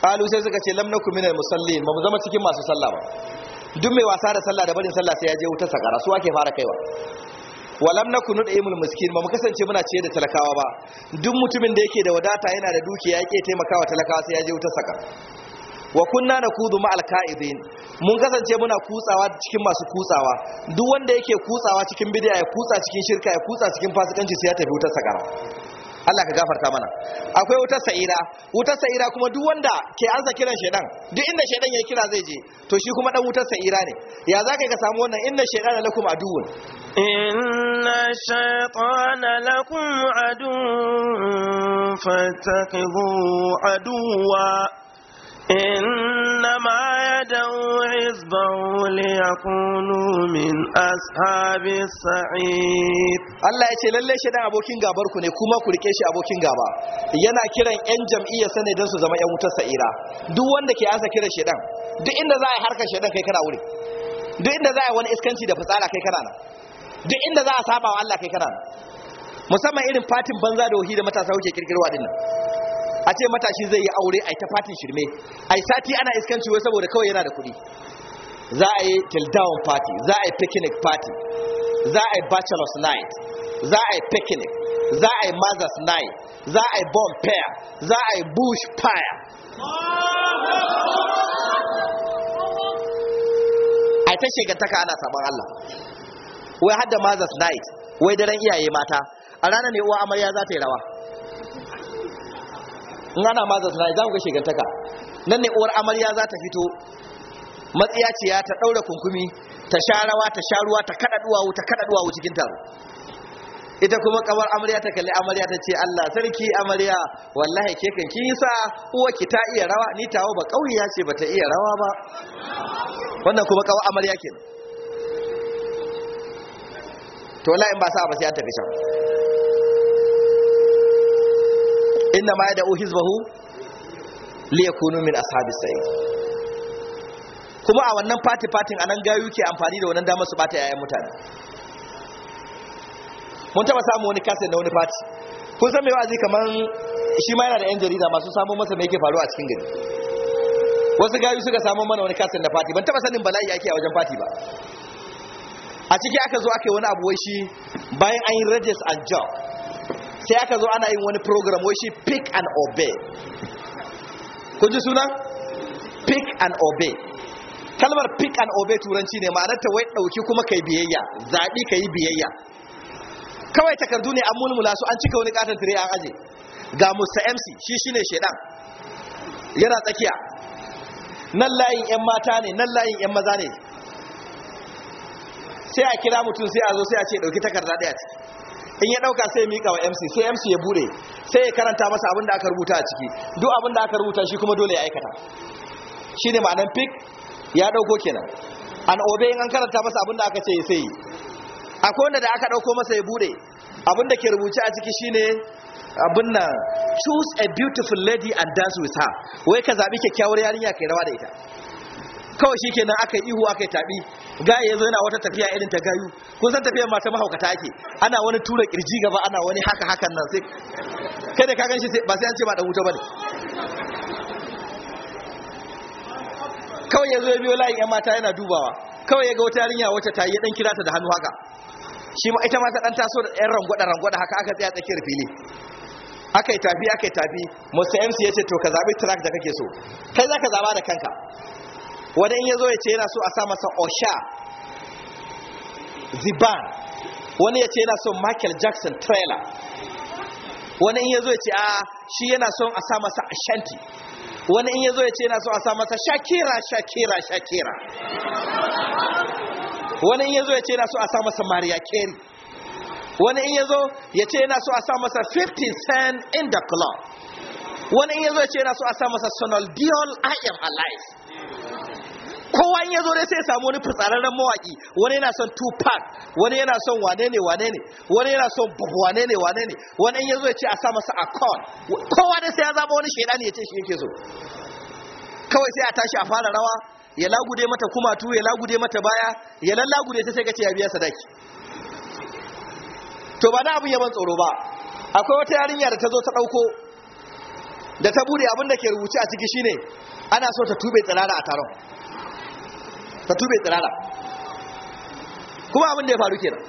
C: kalu sai suka ce lamnaku ku minal musallin ba mu zama cikin masu sallah ba duk mai wasa da sallah da barin sallah sai ya je wuta sakara su ake fara kaiwa Wa lamna ku da imul miskin ba mu kasance muna ciye da talakawa ba duk mutumin da yake da wadata yana da dukiya yake taimakawa talakawa sai ya je wuta sakara wa kunna nakudu ma alqa'idin mun kasance muna kutsawa cikin masu kutsawa duk wanda yake kutsawa cikin bid'a ya kutsa cikin shirka ya kutsa cikin fasikanci sai ya tafi wuta sakara Allah ka gafarta mana akwai wutar sa'ira wutar sa'ira kuma duk wanda ke ansa kiran shedan duk inda shedan ya kira zai je to shi kuma dan wutar sa'ira ne ya zaka ka samu wannan inna shaytana lakum aduwwun inna
A: shaytana lakum aduwwun fatakhu aduwwa إنما يدعو حزبه
C: ليكونوا من أصحاب sa'id. Allah ya ce lalle shi dan abokin gabar ku ne kuma ku rike shi abokin gaba yana kiran yan jam'iyyar sane dan su zama ƴan wutar sa'ira duk wanda ke asa kiran shi dan duk inda za a yi harkar shi dan kai kana wuri duk inda za a yi wani iskanci da fitsara kai kana duk inda za a saba wa Allah kai kana musamman irin fatin banza da wahi da matasa kuke kirkirwa dinnan a ce matashi zai yi aure a ta fatin shirme ai sati ana iskanci wai saboda kawai yana da kuɗi za a yi till down party za a yi picnic party za a yi bachelor's night za a yi picnic za a yi mother's night za a yi bonfire za a yi bush fire a ta shigantaka ana sabon Allah wai hadda mother's night wai daren iyaye mata a ranar ne uwa amarya za ta yi rawa in ana mother's night za ku ga shigantaka nan ne uwar amarya za ta fito matsiya ce ya ta ɗaura kunkumi ta sha rawa ta sha ruwa ta kada duwawu ta kada duwawu cikin taro ita kuma kawar amarya ta kalli amarya ta ce Allah sarki amarya wallahi ke kan kin sa uwa ki ta iya rawa ni tawo ba ya ce bata iya rawa ba wannan kuma kawar amarya ke to wallahi in ba sa ba sai ta tafi can inna ma uhizbahu li yakunu min ashabi sayyid kuma a wannan fati fatin anan gayu ke amfani da wannan damar su bata yayan mutane mun taba samu wani kaset na wani fati kun san mai wa'azi kamar shi ma yana da yan jarida masu samo masa mai yake faruwa a cikin gari wasu gayu suka samo mana wani kaset na fati ban taba sanin bala'i ake a wajen fati ba a ciki aka zo aka wani abu wai shi bayan an yi rajis and job sai aka zo ana yin wani program wai shi pick and obey kun ji suna pick and obey kalmar pick and obey turanci ne ma'anar ta wai ɗauki kuma kai biyayya zaɓi ka yi biyayya kawai takardu ne an mulmula su an cika wani katon tire an aje ga Mr. MC shi shine shedan yana tsakiya nan layin yan mata ne nan layin yan maza ne sai a kira mutum sai a zo sai a ce dauki takarda daya ciki in ya dauka sai ya mika wa MC sai MC ya bude sai ya karanta masa abin da aka rubuta a ciki duk abin da aka rubuta shi kuma dole ya aikata shine ma'anar pic ya dauko kenan an obe in an karanta masa abin da aka ce sai akwai wanda da aka ɗauko masa ya bude abin da ke rubuce a ciki shine abin nan choose a beautiful lady and dance with her wai ka zaɓi kyakkyawar yarinya kai rawa da ita kawai shi kenan aka yi ihu aka yi taɓi gaya ya zo yana wata tafiya irin ta gayu kun san tafiyar mata mahaukata ake ana wani tura kirji gaba ana wani haka hakan nan sai kai da ka ganshi sai ba sai an ce ba dan wuta bane kawai ya zo ya biyo layin yan mata yana dubawa kawai ya ga wata yarinya wacce ta yi dan kira ta da hannu haka shi ma ita ma ta dan taso da ɗan rangwada rangwada haka aka tsaya tsakiyar fili aka yi tafi aka yi tafi musa mc ya ce to ka zaɓi track da kake so kai za ka zaɓa da kanka wani in ya zo ya ce yana so a sa masa osha ziban wani ya ce yana so michael jackson trailer wani in ya zo ya ce a ah, shi yana son a sa masa ashanti wani in ya zo ya ce yana so a sa masa shakira shakira shakira wani in yazo ya ce yana so a sa masa mariya carey wani in yazo ya ce yana so a sa masa 50 cent in the club wani in yazo ya ce yana so a sa masa sonal dion i am alive kowa in yazo dai sai ya samu wani fitsararren mawaki wani yana son tupac wani yana son wane ne wane ne wani yana son wane ne wane ne wani in yazo ya ce a sa masa akon kowa dai sai ya zaba wani shaidani ya ce shi yake so kawai sai a tashi a fara rawa ya lagude mata kumatu ya lagude mata baya ya lallagude ta sai ka ce ya biya sadaki to ba na abin yaban tsoro ba akwai wata yarinya da ta zo ta ɗauko da ta bude abin da ke rubuce a ciki shine ana so ta tube tsirara a taron ta tube tsirara kuma abin da ya faru kenan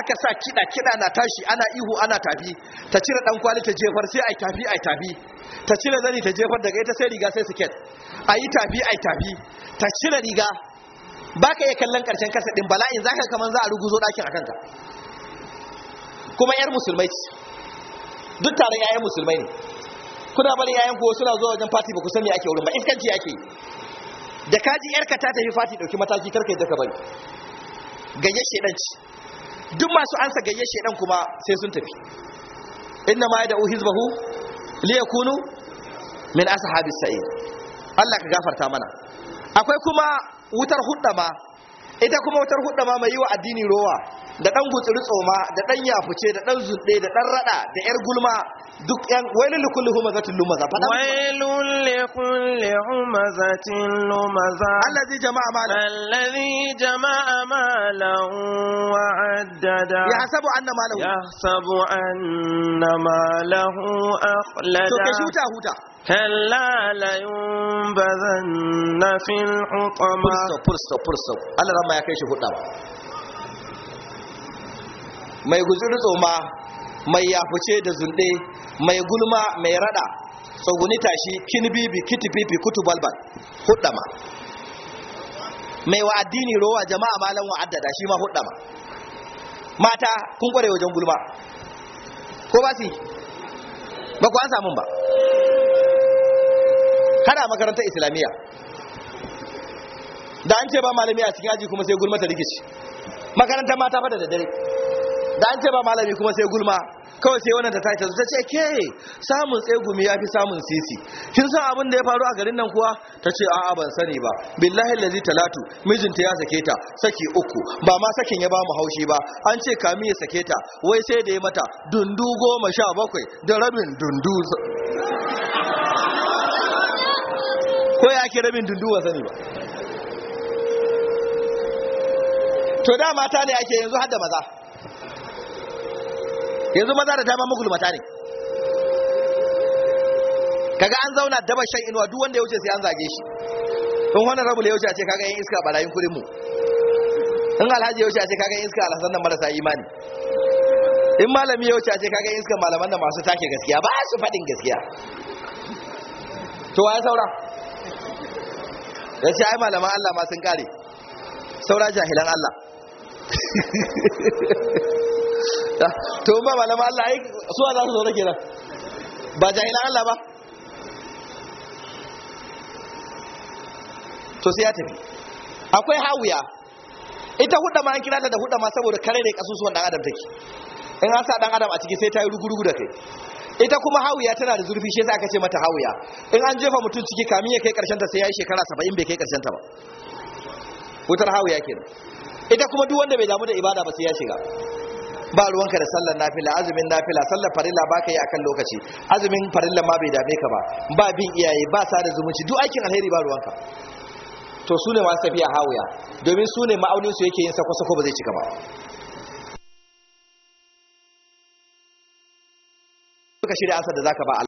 C: aka sa kiɗa kiɗa na tashi ana ihu ana tafi ta cire ɗan kwali ta jefar sai ai tafi ai tafi ta cire zani ta jefar daga ita sai riga sai siket a yi tafi a yi tafi ta cire riga ba ka iya kallon ƙarshen kasa ɗin bala'in za ka kamar za a rugu zo ɗakin a kanka kuma 'yar musulmai ce duk tare 'ya'yan musulmai ne kuna barin 'ya'yan kuwa suna zuwa wajen fati ba ku san me ake wurin ba iskanci ake yi da kaji 'yarka ta tafi fati ɗauki mataki karka yadda ka bari gayye ci duk masu ansa gayye shedan kuma sai sun tafi inna ma ya da'u hizbahu liyakunu min ashabis sa'id Allah ka gafarta mana akwai kuma wutar ma, ita kuma wutar ma mai yi wa addini rowa da dan gutsuri tsoma da dan yafuce da dan zudde da dan rada da yar gulma duk yan wailul likulli humazatin lumaza fada
A: wailul likulli humazatin lumaza allazi jama'a mala allazi jama'a mala wa addada yahsabu anna malahu yahsabu anna malahu akhlada to ke shuta huta كلا لينبذن في الحطمة
C: فرصة فرصة فرصة ألا رما يكيش Mai ما يقول ما ما يافوشي دزندي ما يقول ما ما يردا tsoguni tashi kini bibi kiti bibi kutu balbal hudama mai wa rowa jama'a malan wa addada shi ma hudama mata kun kware wajen gulma ko ba ba ku an samun ba kana makarantar islamiyya da an ce ba malami a cikin aji kuma sai gulma ta rikici makarantar mata fada da dare. da an ce ba malami kuma sai gulma kawai sai wannan ta tashi ta ce ke samun tsegumi ya fi samun sisi kin san abin da ya faru a garin nan kuwa ta ce a'a ban sani ba billahi lazi talatu mijinta ya sake ta saki uku ba ma sakin ya ba mu haushi ba an ce kami ya sake ta wai sai da ya mata dundu goma sha bakwai da rabin dundu ko ya ake rabin dunduwa sani ba to da mata ne ake yanzu hada maza yanzu maza da dama mugul mata ne kaga an zauna daba shan inuwa duk wanda ya wuce sai an zage shi in wannan rabu ya wuce a ce kaga yin iska barayin kurin mu in alhaji ya wuce a ce kaga yin iska alhassan nan marasa imani in malami ya wuce a ce kaga yin iska malaman da masu take gaskiya ba su faɗin gaskiya to wa ya saura ya ce ai malaman Allah ma sun kare saura jahilan Allah [LAUGHS] ah, to ba malaman Allah ai suwa za su zaune kenan ba jahilan Allah ba to sai ya tafi akwai hawuya ita hudda ma an kira ta da hudda ma saboda kare ne kasusuwan dan adam take in an sa dan adam a ciki sai ta yi rugurugu da kai ita kuma hawuya tana da zurfi shi yasa aka ce mata hawuya. in an jefa mutum ciki kamin ya kai karshen ta sai yayi shekara 70 bai kai karshen ta ba wutar hawuya kenan ita kuma duk wanda bai damu da ibada ba sai ya shiga ba ruwanka da sallar nafila azumin nafila sallar farilla ba ka yi akan lokaci azumin farilla ma bai dame ka ba ba bin iyaye ba sa da zumunci duk aikin alheri ba ruwanka to su ne masu tafiya hawuya domin su ne ma'aunin su yake yin sako-sako ba zai cika ba suka shirya asar da zaka ba